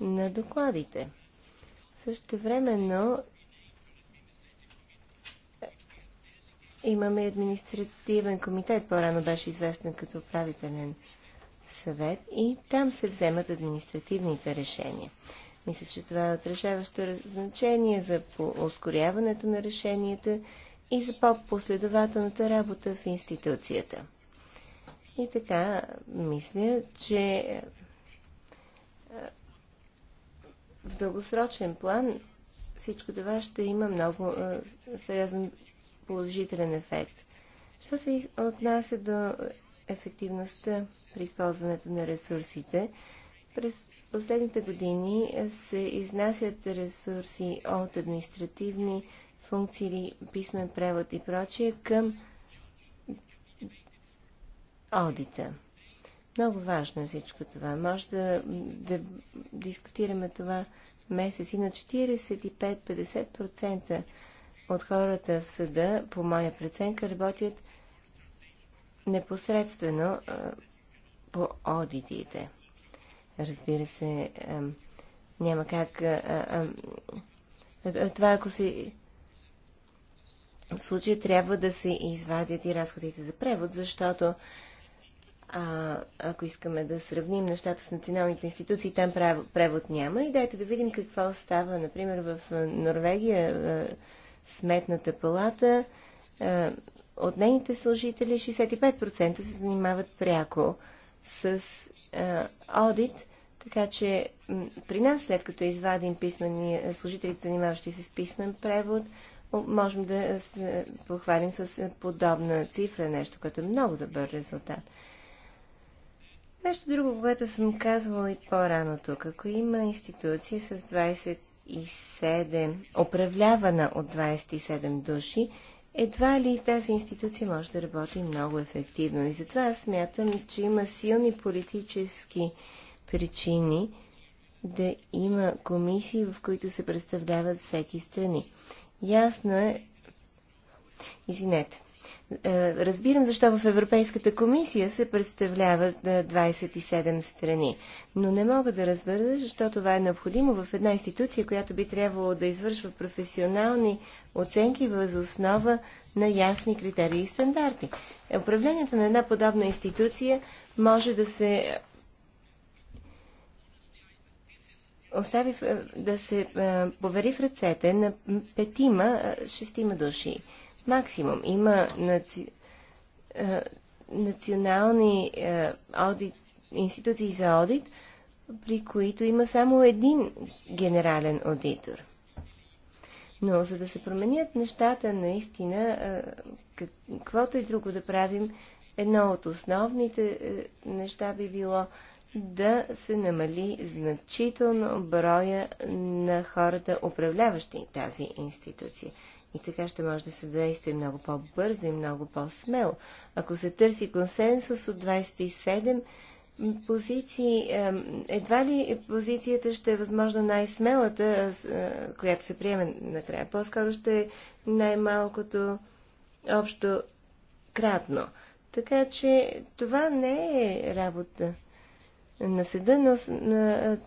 на докладите. Също времено е, имаме административен комитет, по-рано беше известен като управителен съвет и там се вземат административните решения. Мисля, че това е отражаващо значение за ускоряването на решенията и за по-последователната работа в институцията. И така, мисля, че е, в дългосрочен план всичко това ще има много е, сериозен положителен ефект. Що се отнася до ефективността при използването на ресурсите. През последните години се изнасят ресурси от административни функции, писмен превод и прочие към одита. Много важно е всичко това. Може да, да дискутираме това и но 45-50% от хората в съда, по моя преценка, работят непосредствено по одитите. Разбира се, няма как. Това, ако се. В случая трябва да се извадят и разходите за превод, защото а, ако искаме да сравним нещата с националните институции, там превод няма. И дайте да видим какво става, например, в Норвегия, Сметната палата от нейните служители 65% се занимават пряко с е, а, одит, така че при нас, след като извадим писмени, е, служителите, занимаващи се с писмен превод, можем да се похвалим с е, подобна цифра, нещо, което е много добър резултат. Нещо друго, което съм казвала и по-рано тук. Ако има институция с 27, управлявана от 27 души, едва ли тази институция може да работи много ефективно. И затова аз смятам, че има силни политически причини да има комисии, в които се представляват всеки страни. Ясно е, извинете, е, разбирам защо в Европейската комисия се представляват е, 27 страни, но не мога да разбера защо това е необходимо в една институция, която би трябвало да извършва професионални оценки въз основа на ясни критерии и стандарти. Е, управлението на една подобна институция може да се остави да се повери в ръцете на петима, шестима души максимум. Има наци... Е, национални е, аудит, институции за аудит, при които има само един генерален аудитор. Но за да се променят нещата, наистина, е, каквото и друго да правим, едно от основните неща би било да се намали значително броя на хората, управляващи тази институция. И така ще може да се действа и много по-бързо и много по-смело. Ако се търси консенсус от 27 позиции, едва ли позицията ще е възможно най-смелата, която се приеме накрая. По-скоро ще е най-малкото общо кратно. Така че това не е работа на съда, но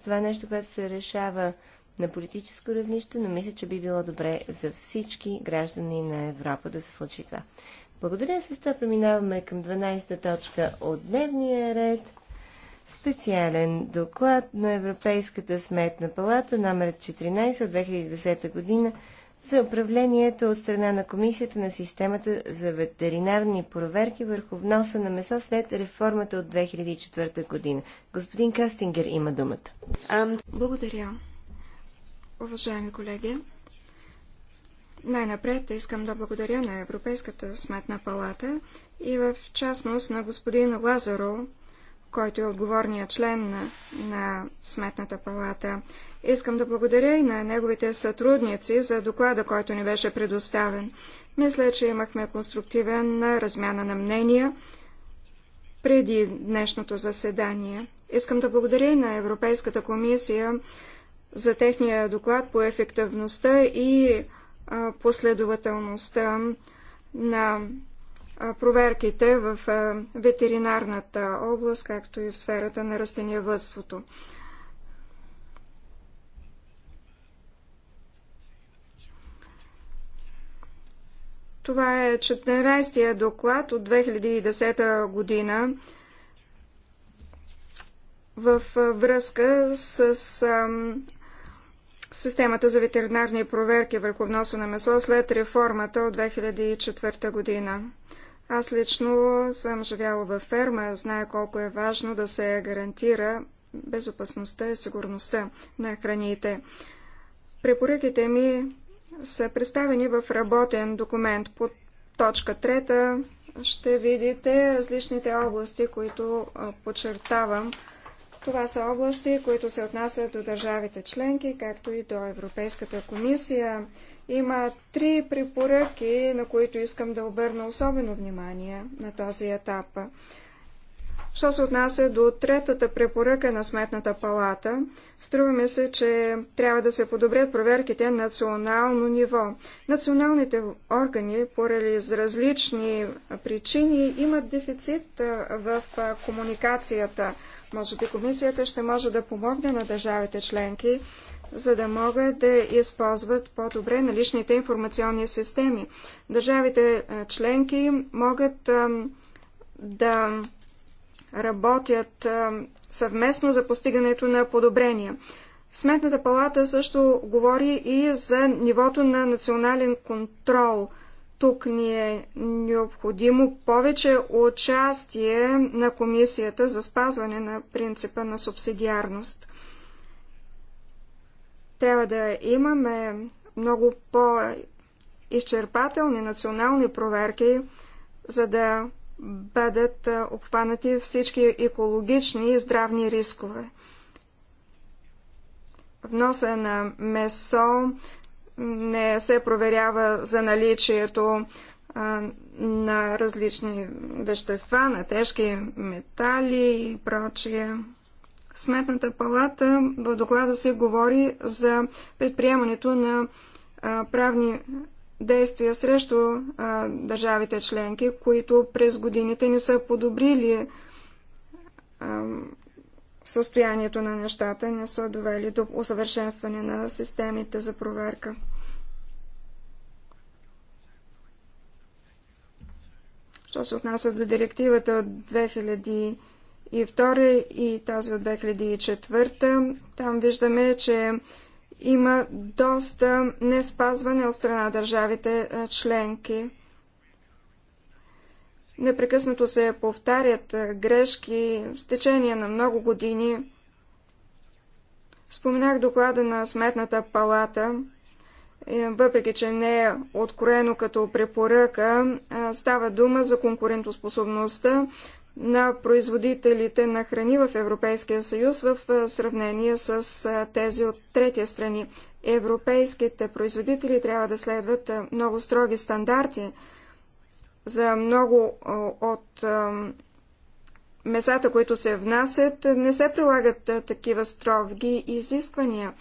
това е нещо, което се решава на политическо равнище, но мисля, че би било добре за всички граждани на Европа да се случи това. Благодаря с това преминаваме към 12-та точка от дневния ред. Специален доклад на Европейската сметна палата номер 14 от 2010 година за управлението от страна на Комисията на системата за ветеринарни проверки върху вноса на месо след реформата от 2004 година. Господин Кастингер има думата. Благодаря, Уважаеми колеги, най-напред искам да благодаря на Европейската сметна палата и в частност на господин Лазаро, който е отговорният член на, на Сметната палата. Искам да благодаря и на неговите сътрудници за доклада, който ни беше предоставен. Мисля, че имахме конструктивен размяна на мнения преди днешното заседание. Искам да благодаря и на Европейската комисия за техния доклад по ефективността и последователността на проверките в ветеринарната област, както и в сферата на растениевътството. Това е 14-я доклад от 2010 година в връзка с системата за ветеринарни проверки върху вноса на месо след реформата от 2004 година. Аз лично съм живяла във ферма, зная колко е важно да се гарантира безопасността и сигурността на храните. Препоръките ми са представени в работен документ. По точка трета ще видите различните области, които подчертавам това са области, които се отнасят до държавите членки, както и до Европейската комисия. Има три препоръки, на които искам да обърна особено внимание на този етап. Що се отнася до третата препоръка на Сметната палата, струваме се, че трябва да се подобрят проверките на национално ниво. Националните органи, поради различни причини, имат дефицит в комуникацията може би комисията ще може да помогне на държавите членки, за да могат да използват по-добре наличните информационни системи. Държавите членки могат да работят съвместно за постигането на подобрения. Сметната палата също говори и за нивото на национален контрол – тук ни е необходимо повече участие на Комисията за спазване на принципа на субсидиарност. Трябва да имаме много по-изчерпателни национални проверки, за да бъдат обхванати всички екологични и здравни рискове. Вноса на месо, не се проверява за наличието на различни вещества, на тежки метали и прочие. Сметната палата в доклада се говори за предприемането на правни действия срещу държавите членки, които през годините не са подобрили състоянието на нещата не са довели до усъвършенстване на системите за проверка. Що се отнася до директивата от 2002 и тази от 2004, там виждаме, че има доста неспазване от страна на държавите членки. Непрекъснато се повтарят грешки с течение на много години. Споменах доклада на Сметната палата. Е, въпреки, че не е откроено като препоръка, става дума за конкурентоспособността на производителите на храни в Европейския съюз в сравнение с тези от третия страни. Европейските производители трябва да следват много строги стандарти за много от месата, които се внасят, не се прилагат такива строги изисквания.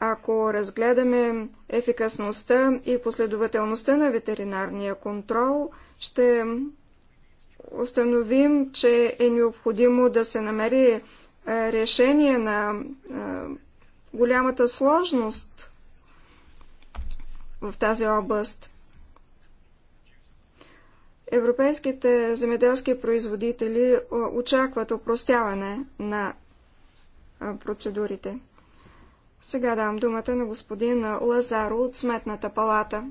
Ако разгледаме ефикасността и последователността на ветеринарния контрол, ще установим, че е необходимо да се намери решение на голямата сложност в тази област. Европейските земеделски производители очакват опростяване на процедурите. Сега давам думата на господин Лазаро от Сметната палата.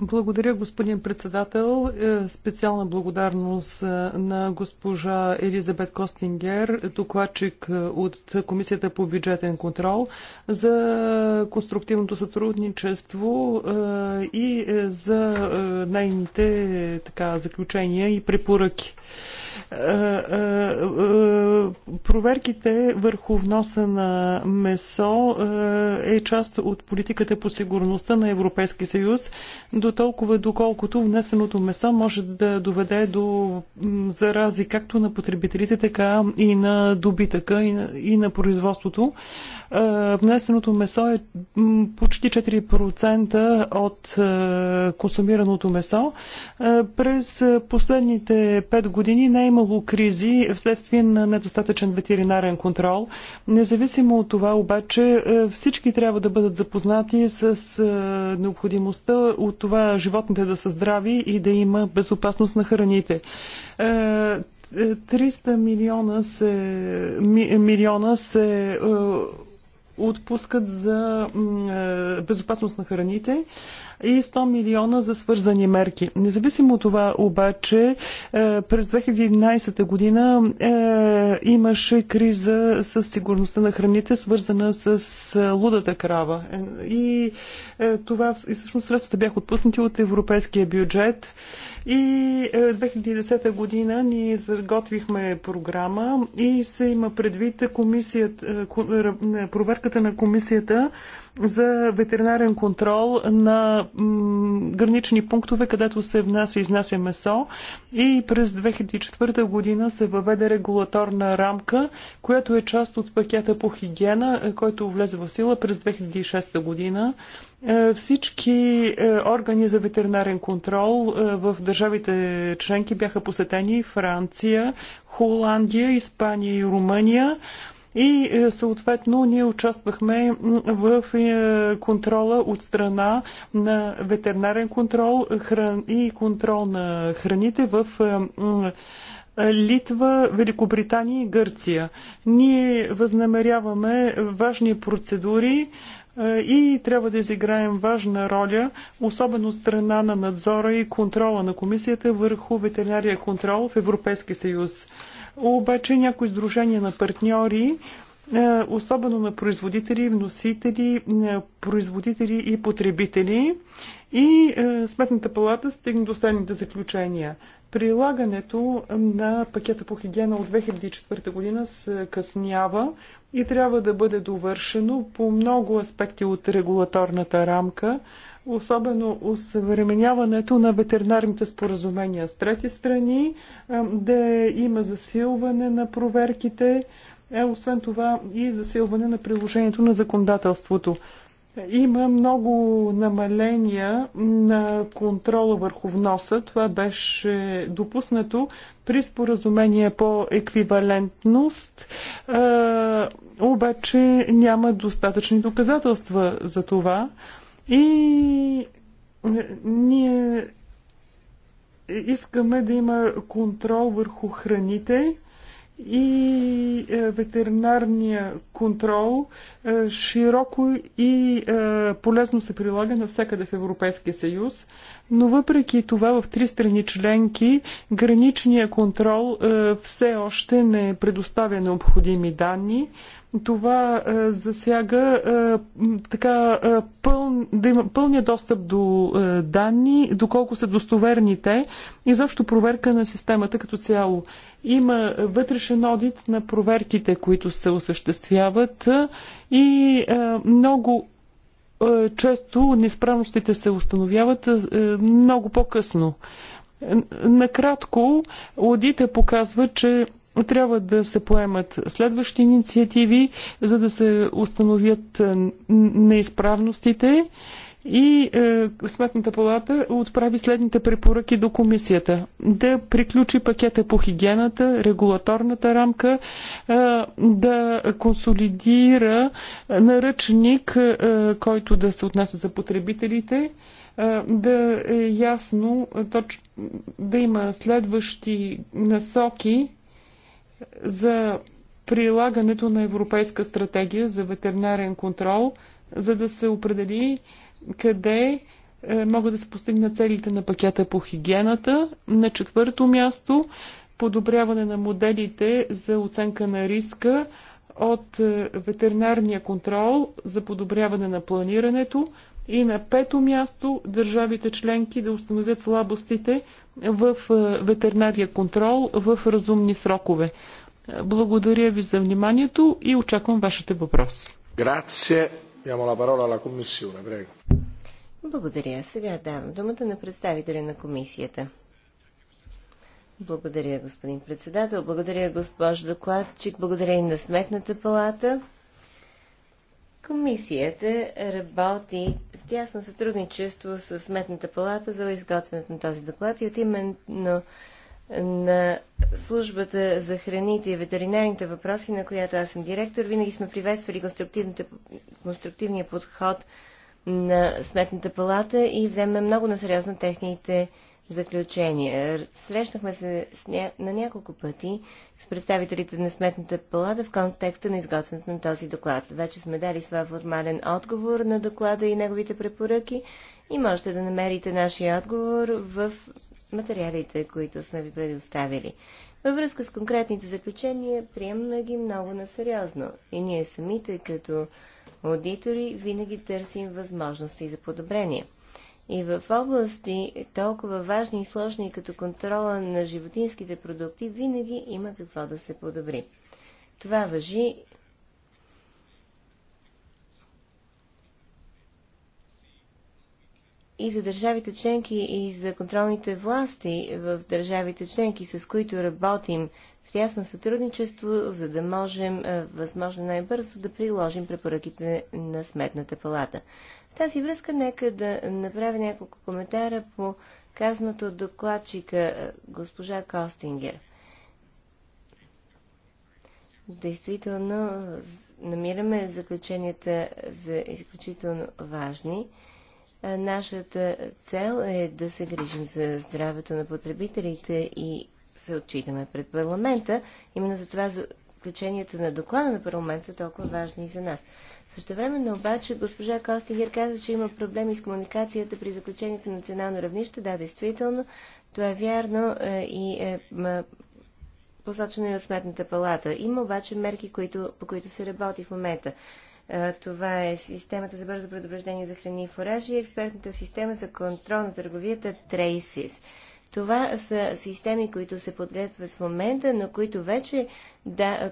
Благодаря, господин председател. Е, специална благодарност е, на госпожа Елизабет Костингер, докладчик е, от Комисията по бюджетен контрол, за конструктивното сътрудничество и за нейните така, заключения и препоръки. Е, е, е, проверките върху вноса на месо е част от политиката по сигурността на Европейския съюз, до толкова доколкото внесеното месо може да доведе до зарази както на потребителите, така и на добитъка и на, и на производството. Е, внесеното месо е почти 4% от е, консумираното месо. Е, през последните 5 години не е имало кризи вследствие на недостатъчен ветеринарен контрол. Независимо от това обаче всички трябва да бъдат запознати с необходимостта от това животните да са здрави и да има безопасност на храните. 300 милиона се, милиона се отпускат за е, безопасност на храните и 100 милиона за свързани мерки. Независимо от това обаче, е, през 2011 година е, имаше криза с сигурността на храните, свързана с е, лудата крава. И това и всъщност средствата бяха отпуснати от европейския бюджет. И 2010 година ние изготвихме програма и се има предвид комисията, проверката на комисията за ветеринарен контрол на гранични пунктове, където се внася и изнася месо. И през 2004 година се въведе регулаторна рамка, която е част от пакета по хигиена, е, който влезе в сила през 2006 година. Е, всички е, органи за ветеринарен контрол в държавите членки бяха посетени Франция, Холандия, Испания и Румъния и е, съответно ние участвахме в е, контрола от страна на ветеринарен контрол и контрол на храните в е, Литва, Великобритания и Гърция. Ние възнамеряваме важни процедури и трябва да изиграем важна роля, особено страна на надзора и контрола на комисията върху ветеринария контрол в Европейския съюз. Обаче някои сдружения на партньори е, особено на производители, вносители, е, производители и потребители. И е, Сметната палата стигна до следните заключения. Прилагането на пакета по хигиена от 2004 година се къснява и трябва да бъде довършено по много аспекти от регулаторната рамка, особено усъвременяването на ветеринарните споразумения с трети страни, да има засилване на проверките, освен това и засилване на приложението на законодателството. Има много намаления на контрола върху вноса. Това беше допуснато при споразумение по еквивалентност. обаче няма достатъчни доказателства за това. И е, ние искаме да има контрол върху храните и е, ветеринарния контрол е, широко и полезно се прилага навсякъде в Европейския съюз, но въпреки това в три страни членки граничния контрол все още не предоставя необходими данни, това а, е, засяга а, е, така, а, е, пъл, да има пълния достъп до а, данни, доколко са достоверни те и защо проверка на системата като цяло. Има вътрешен одит на проверките, които се осъществяват а, и а, много а, често неисправностите се установяват а, много по-късно. Накратко, одита показва, че трябва да се поемат следващи инициативи, за да се установят е, неизправностите. И е, Сметната палата отправи следните препоръки до комисията. Да приключи пакета по хигиената, регулаторната рамка, е, да консолидира наръчник, е, който да се отнася за потребителите, е, да е ясно, е, точ, да има следващи насоки за прилагането на Европейска стратегия за ветеринарен контрол, за да се определи къде е, могат да се постигнат целите на пакета по хигиената. На четвърто място подобряване на моделите за оценка на риска от е, ветеринарния контрол за подобряване на планирането, и на пето място държавите членки да установят слабостите в е, ветеринария контрол в разумни срокове. Благодаря ви за вниманието и очаквам вашите въпроси. Грация. Благодаря. Сега давам думата на представителя на комисията. Благодаря, господин председател. Благодаря, госпожо докладчик. Благодаря и на Сметната палата. Комисията работи в тясно сътрудничество с Сметната палата за изготвянето на този доклад и от именно на службата за храните и ветеринарните въпроси, на която аз съм директор, винаги сме приветствали конструктивния подход на Сметната палата и вземе много насериозно техните Заключение. Срещнахме се ня... на няколко пъти с представителите на Сметната палата в контекста на изготвянето на този доклад. Вече сме дали своя формален отговор на доклада и неговите препоръки и можете да намерите нашия отговор в материалите, които сме ви предоставили. Във връзка с конкретните заключения, приемаме ги много насериозно и ние самите като аудитори винаги търсим възможности за подобрение. И в области толкова важни и сложни като контрола на животинските продукти винаги има какво да се подобри. Това въжи и за държавите членки, и за контролните власти в държавите членки, с които работим в тясно сътрудничество, за да можем е, възможно най-бързо да приложим препоръките на Сметната палата тази връзка нека да направя няколко коментара по казаното от докладчика е, госпожа Костингер. Действително намираме заключенията за изключително важни. Е, нашата цел е да се грижим за здравето на потребителите и се отчитаме пред парламента. Именно за това заключенията на доклада на парламент са толкова важни и за нас. Също Същевременно обаче госпожа Костигер казва, че има проблеми с комуникацията при заключението на национално равнище. Да, действително, това е вярно е, и е посочено и от Сметната палата. Има обаче мерки, които, по които се работи в момента. Е, това е системата за бързо предупреждение за храни и фуражи и експертната система за контрол на търговията TRACES. Това са системи, които се подготвят в момента, но които вече да,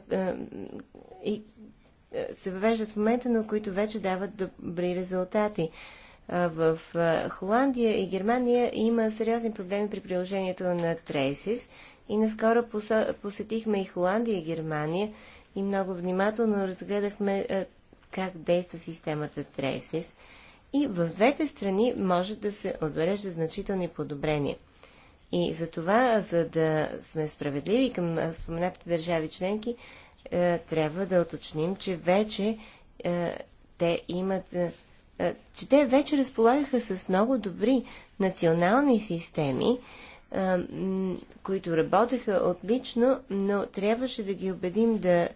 и, се въвеждат в момента, но които вече дават добри резултати. В Холандия и Германия има сериозни проблеми при приложението на Трейсис и наскоро посетихме и Холандия и Германия и много внимателно разгледахме как действа системата Трейсис. И в двете страни може да се отбележат значителни подобрения – и за това, за да сме справедливи към споменатите държави членки, е, трябва да уточним, че вече е, те имат е, че те вече разполагаха с много добри национални системи, които работеха отлично, но трябваше да ги убедим да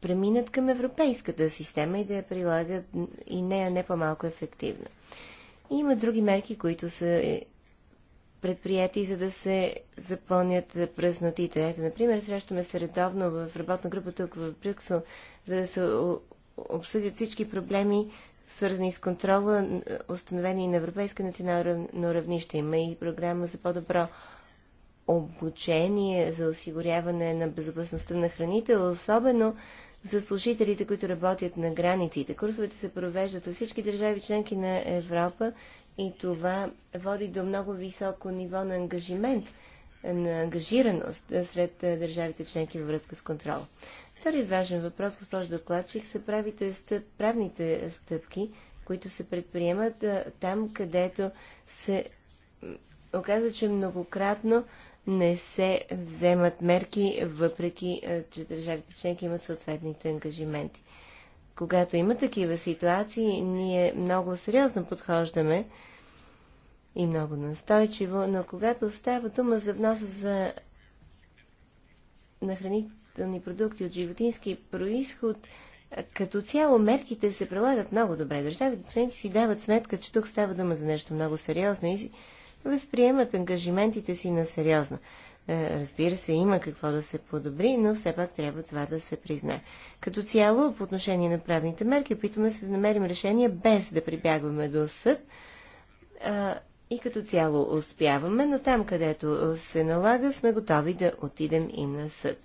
преминат към европейската система и да я прилагат и нея не по-малко ефективно. Има други мерки, които са е, предприяти, за да се запълнят празнотите. Ето, например, срещаме се редовно в работна група тук в Брюксел, за да се обсъдят всички проблеми, свързани с контрола, установени на европейско национално равнище. Има и програма за по-добро обучение за осигуряване на безопасността на храните, особено за служителите, които работят на границите. Курсовете се провеждат във всички държави членки на Европа и това води до много високо ниво на ангажимент, на ангажираност сред държавите членки във връзка с контрол. Втори важен въпрос, госпожо докладчик, са правите стъп, правните стъпки, които се предприемат там, където се оказва, че многократно не се вземат мерки, въпреки е, че държавите членки имат съответните ангажименти. Когато има такива ситуации, ние много сериозно подхождаме и много настойчиво, но когато става дума за вноса за на хранителни продукти от животински происход, е, като цяло мерките се прилагат много добре. Държавите членки си дават сметка, че тук става дума за нещо много сериозно и възприемат ангажиментите си на сериозно. Е, разбира се, има какво да се подобри, но все пак трябва това да се признае. Като цяло, по отношение на правните мерки, опитваме се да намерим решение без да прибягваме до съд. И като цяло успяваме, но там, където се налага, сме готови да отидем и на съд.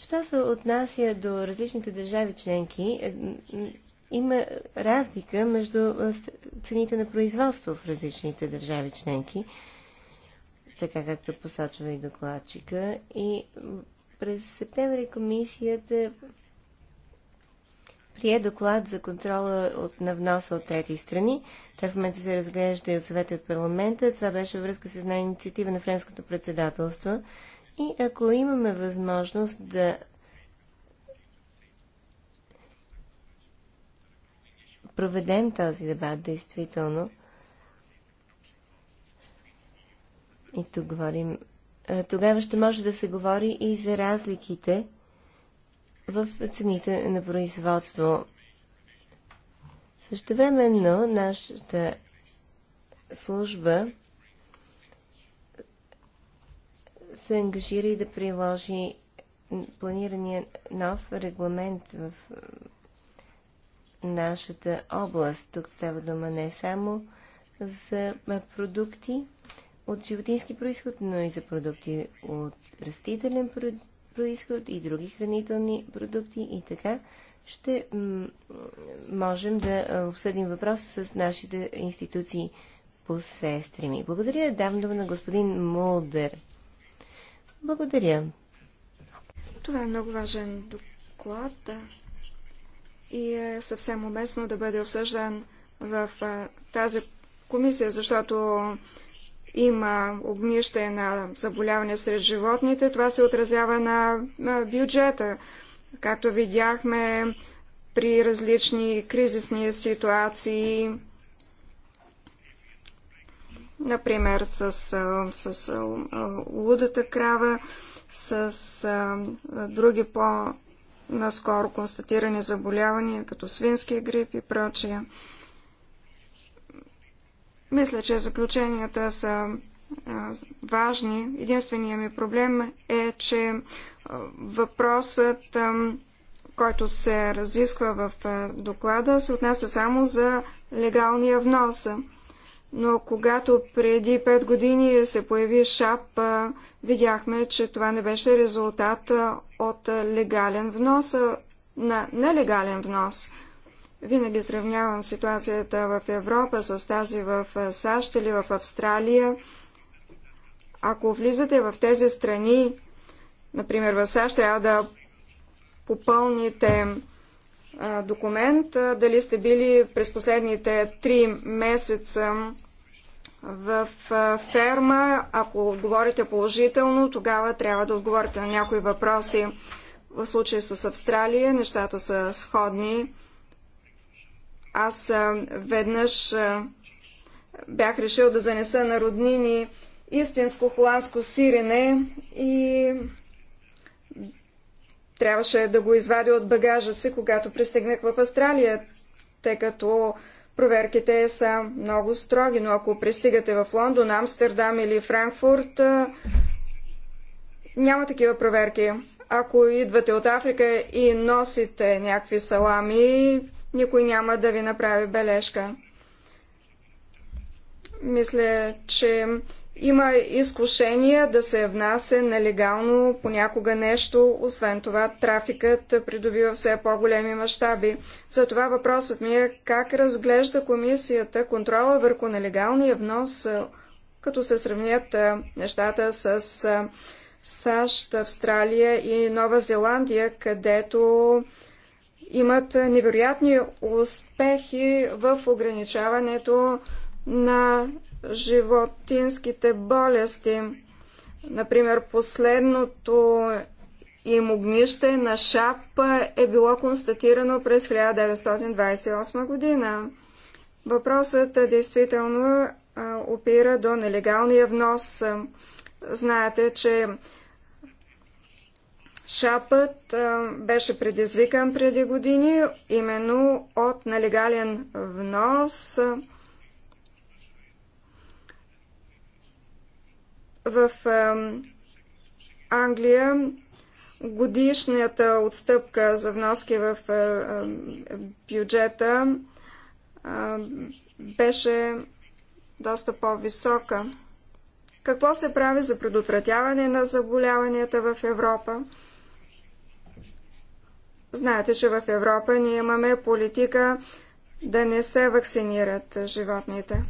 Що се отнася до различните държави членки, е, има разлика между цените на производство в различните държави членки, така както посочва и докладчика. И през септември комисията прие доклад за контрола от, на вноса от трети страни. Той в момента се разглежда и от съвета от парламента. Това беше връзка с една инициатива на френското председателство. И ако имаме възможност да проведем този дебат, действително. И тук говорим. Тогава ще може да се говори и за разликите в цените на производство. Също Същевременно нашата служба се ангажира и да приложи планирания нов регламент в нашата област. Тук става дума не само за продукти от животински происход, но и за продукти от растителен происход и други хранителни продукти и така ще можем да обсъдим въпроса с нашите институции по сестри ми. Благодаря. Давам дума на господин Молдер. Благодаря. Това е много важен доклад. Да и е съвсем уместно да бъде обсъждан в тази комисия, защото има огнище на заболяване сред животните. Това се отразява на бюджета. Както видяхме при различни кризисни ситуации, например с, с лудата крава, с други по- наскоро констатирани заболявания, като свинския грип и прочие. Мисля, че заключенията са важни. Единственият ми проблем е, че въпросът, който се разисква в доклада, се отнася само за легалния внос но когато преди 5 години се появи ШАП, видяхме, че това не беше резултат от легален внос на нелегален внос. Винаги сравнявам ситуацията в Европа с тази в САЩ или в Австралия. Ако влизате в тези страни, например в САЩ, трябва да попълните документ, дали сте били през последните три месеца в ферма. Ако отговорите положително, тогава трябва да отговорите на някои въпроси. В случая с Австралия нещата са сходни. Аз веднъж бях решил да занеса на роднини истинско холандско сирене и трябваше да го извадя от багажа си, когато пристигнах в Австралия, тъй като проверките са много строги, но ако пристигате в Лондон, Амстердам или Франкфурт, няма такива проверки. Ако идвате от Африка и носите някакви салами, никой няма да ви направи бележка. Мисля, че има изкушение да се внася нелегално понякога нещо, освен това трафикът придобива все по-големи мащаби. Затова въпросът ми е как разглежда комисията контрола върху нелегалния внос, като се сравнят нещата с САЩ, Австралия и Нова Зеландия, където имат невероятни успехи в ограничаването на животинските болести. Например, последното им огнище на шап е било констатирано през 1928 година. Въпросът действително опира до нелегалния внос. Знаете, че шапът беше предизвикан преди години именно от нелегален внос. В Англия годишната отстъпка за вноски в бюджета беше доста по-висока. Какво се прави за предотвратяване на заболяванията в Европа? Знаете, че в Европа ние имаме политика да не се вакцинират животните.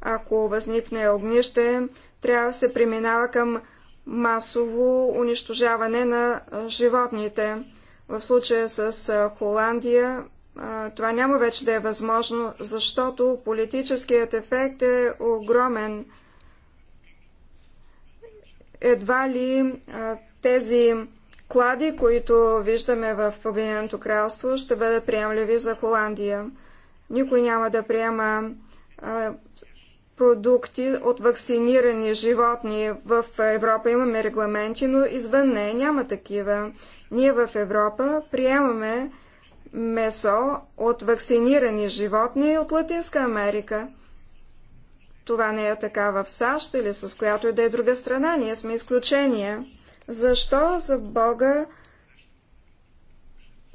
Ако възникне огнище, трябва да се преминава към масово унищожаване на животните. В случая с Холандия това няма вече да е възможно, защото политическият ефект е огромен. Едва ли тези клади, които виждаме в Обединеното кралство, ще бъдат приемливи за Холандия. Никой няма да приема продукти от вакцинирани животни в Европа имаме регламенти, но извън нея няма такива. Ние в Европа приемаме месо от вакцинирани животни от Латинска Америка. Това не е така в САЩ или с която и да е друга страна. Ние сме изключения. Защо за Бога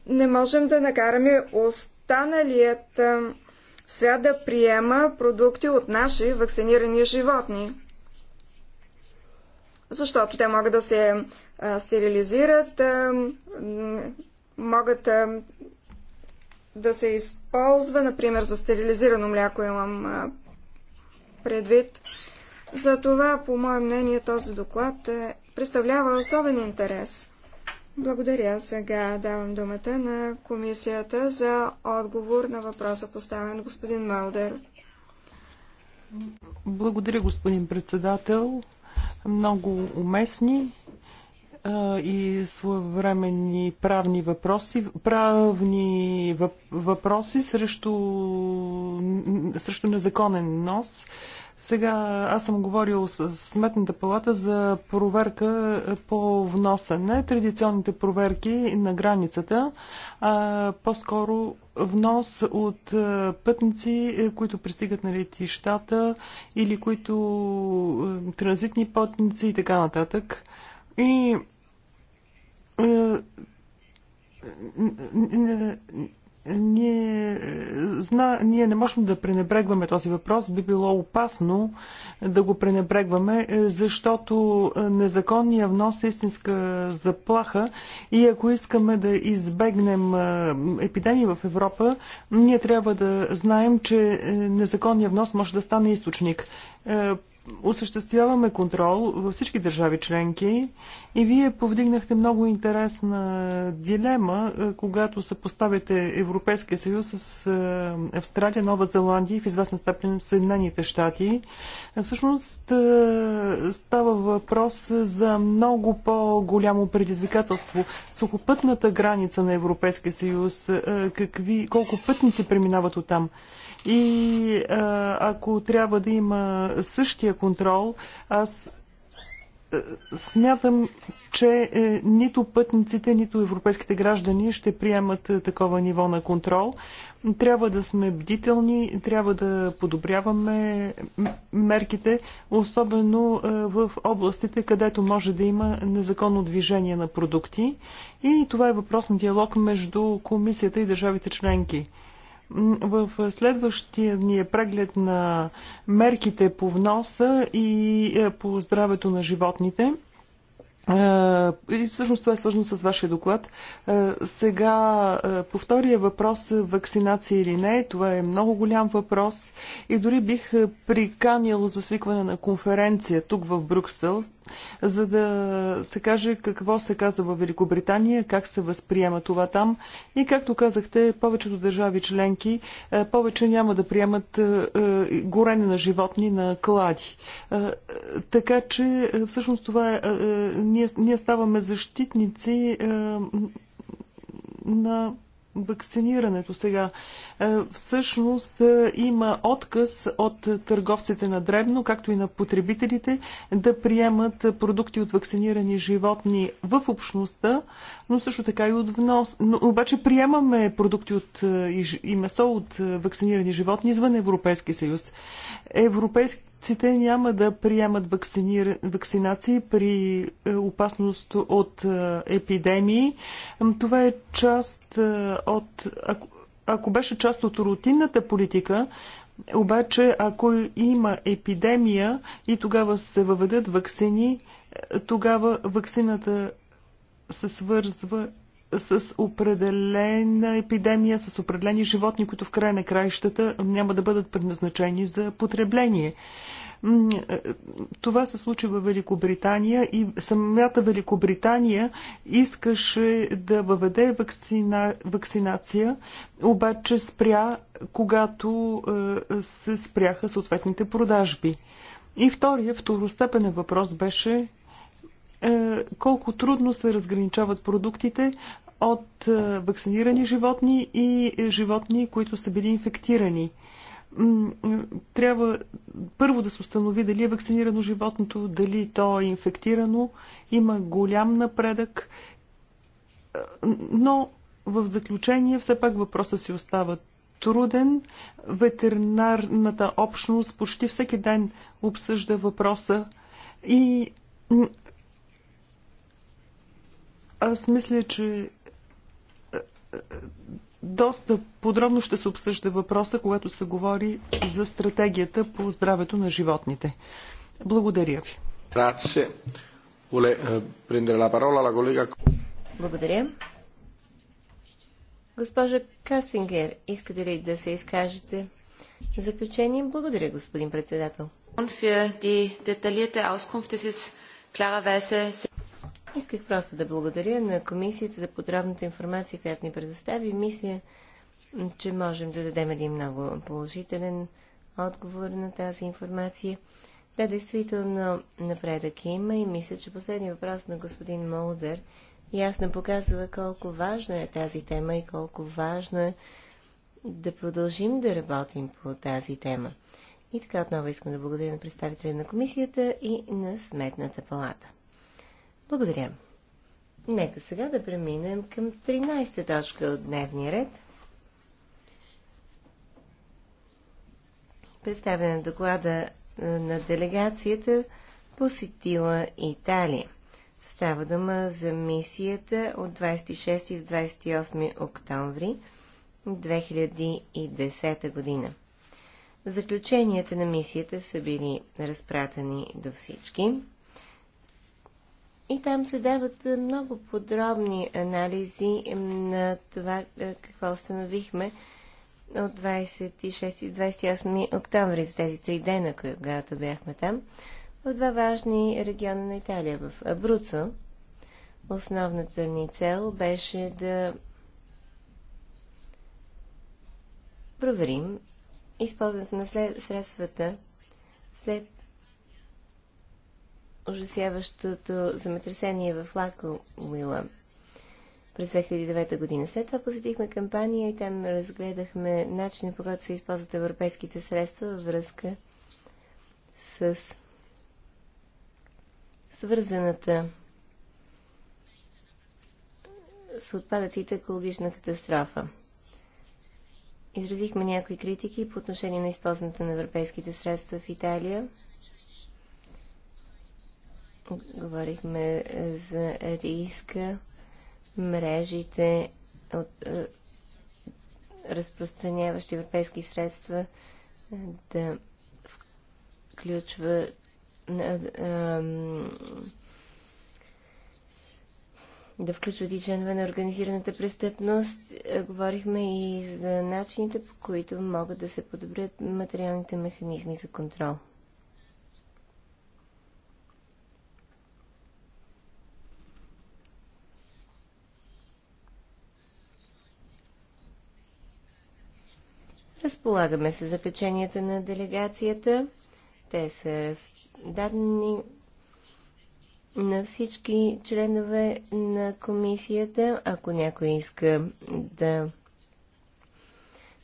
не можем да накараме останалият свят да приема продукти от наши вакцинирани животни, защото те могат да се стерилизират, могат да се използва, например, за стерилизирано мляко имам предвид. Затова, по мое мнение, този доклад представлява особен интерес. Благодаря. Сега давам думата на комисията за отговор на въпроса поставен господин Малдер. Благодаря, господин председател. Много уместни и своевременни правни въпроси, правни въпроси срещу, срещу незаконен нос. Сега аз съм говорил с Сметната палата за проверка по вноса. Не традиционните проверки на границата, а по-скоро внос от пътници, е, които пристигат на летищата или които транзитни пътници и така нататък. И ние, е, зна, ние не можем да пренебрегваме този въпрос. Би било опасно да го пренебрегваме, е, защото е, незаконния внос е истинска заплаха и ако искаме да избегнем епидемии в Европа, ние трябва да знаем, че незаконния внос може да стане източник осъществяваме контрол във всички държави членки и вие повдигнахте много интересна дилема, е, когато се поставите Европейския съюз с е, Австралия, Нова Зеландия и в известна степен Съединените щати. Е, всъщност става въпрос за много по-голямо предизвикателство. Сухопътната граница на Европейския съюз, какви, колко пътници преминават от там? И ако трябва да има същия контрол, аз смятам, че е, нито пътниците, нито европейските граждани ще приемат е, такова ниво на контрол. Трябва да сме бдителни, трябва да подобряваме мерките, особено е, в областите, където може да има незаконно движение на продукти. И това е въпрос на диалог между комисията и държавите членки. В следващия ни е преглед на мерките по вноса и е, по здравето на животните. Е, и всъщност това е свързано с вашия доклад. Е, сега, по втория въпрос, вакцинация или не, това е много голям въпрос и дори бих приканил за свикване на конференция тук в Брюксел за да се каже какво се казва в Великобритания, как се възприема това там. И както казахте, повечето държави членки е, повече няма да приемат е, е, горене на животни на клади. Така че всъщност това е, ние, ние ставаме защитници на вакцинирането сега. Е, всъщност е, има отказ от търговците на дребно, както и на потребителите, да приемат продукти от вакцинирани животни в общността, но също така и от внос. Но, обаче приемаме продукти от, е, и, и месо от вакцинирани животни извън Европейския съюз. Европейски Ците няма да приемат вакцинации при е, опасност от е, епидемии. Това е част е, от... Ако, ако беше част от рутинната политика, обаче ако има епидемия и тогава се въведат вакцини, тогава вакцината се свързва с определена епидемия, с определени животни, които в края на краищата няма да бъдат предназначени за потребление. Е, това се случи в Великобритания и самата Великобритания искаше да въведе вакцина, вакцинация, обаче спря, когато е, се спряха съответните продажби. И втория, второстепенен въпрос беше е, колко трудно се разграничават продуктите от е, вакцинирани животни и животни, които са били инфектирани е, трябва първо да се установи дали е вакцинирано животното, дали то е инфектирано. Има голям напредък, но в заключение все пак въпроса си остава труден. Ветеринарната общност почти всеки ден обсъжда въпроса и аз мисля, че е, е, доста подробно ще се обсъжда въпроса, когато се говори за стратегията по здравето на животните. Благодаря ви. Е, благодаря. Госпожа Касингер, искате ли да се изкажете? В заключение, благодаря, господин председател. Исках просто да благодаря на комисията за подробната информация, която ни предостави. Мисля, че можем да дадем един много положителен отговор на тази информация. Да, действително напредък има и мисля, че последният въпрос на господин Молдър ясно показва колко важна е тази тема и колко важно е да продължим да работим по тази тема. И така отново искам да благодаря на представителя на комисията и на Сметната палата. Благодаря. Нека сега да преминем към 13-та точка от дневния ред. Представяне на доклада е, на делегацията посетила Италия. Става дума за мисията от 26 до 28 октомври 2010 година. Заключенията на мисията са били разпратени до всички. И там се дават е, много подробни анализи на това е, какво установихме от 26 и 28 октомври за тези три дена, когато бяхме там, в два важни региона на Италия. В Абруцо основната ни цел беше да проверим използването на след... средствата след ужасяващото земетресение в Лако Уила през 2009 година. След това посетихме кампания и там разгледахме начина по който се използват европейските средства във връзка с свързаната с отпадъците екологична катастрофа. Изразихме някои критики по отношение на използването на европейските средства в Италия – Говорихме за риска, мрежите от е, разпространяващи европейски средства е, да включва е, да включват и членове на организираната престъпност. Говорихме и за начините, по които могат да се подобрят материалните механизми за контрол. Разполагаме се запеченията на делегацията. Те са дадени на всички членове на комисията. Ако някой иска да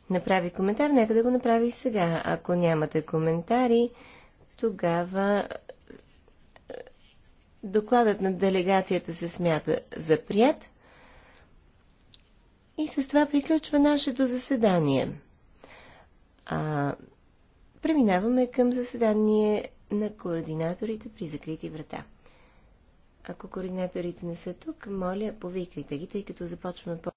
направи коментар, нека да го направи сега. Ако нямате коментари, тогава е, докладът на делегацията се смята за прият. И с това приключва нашето заседание. А, преминаваме към заседание на координаторите при закрити врата. Ако координаторите не са тук, моля, повиквайте ги, тъй като започваме по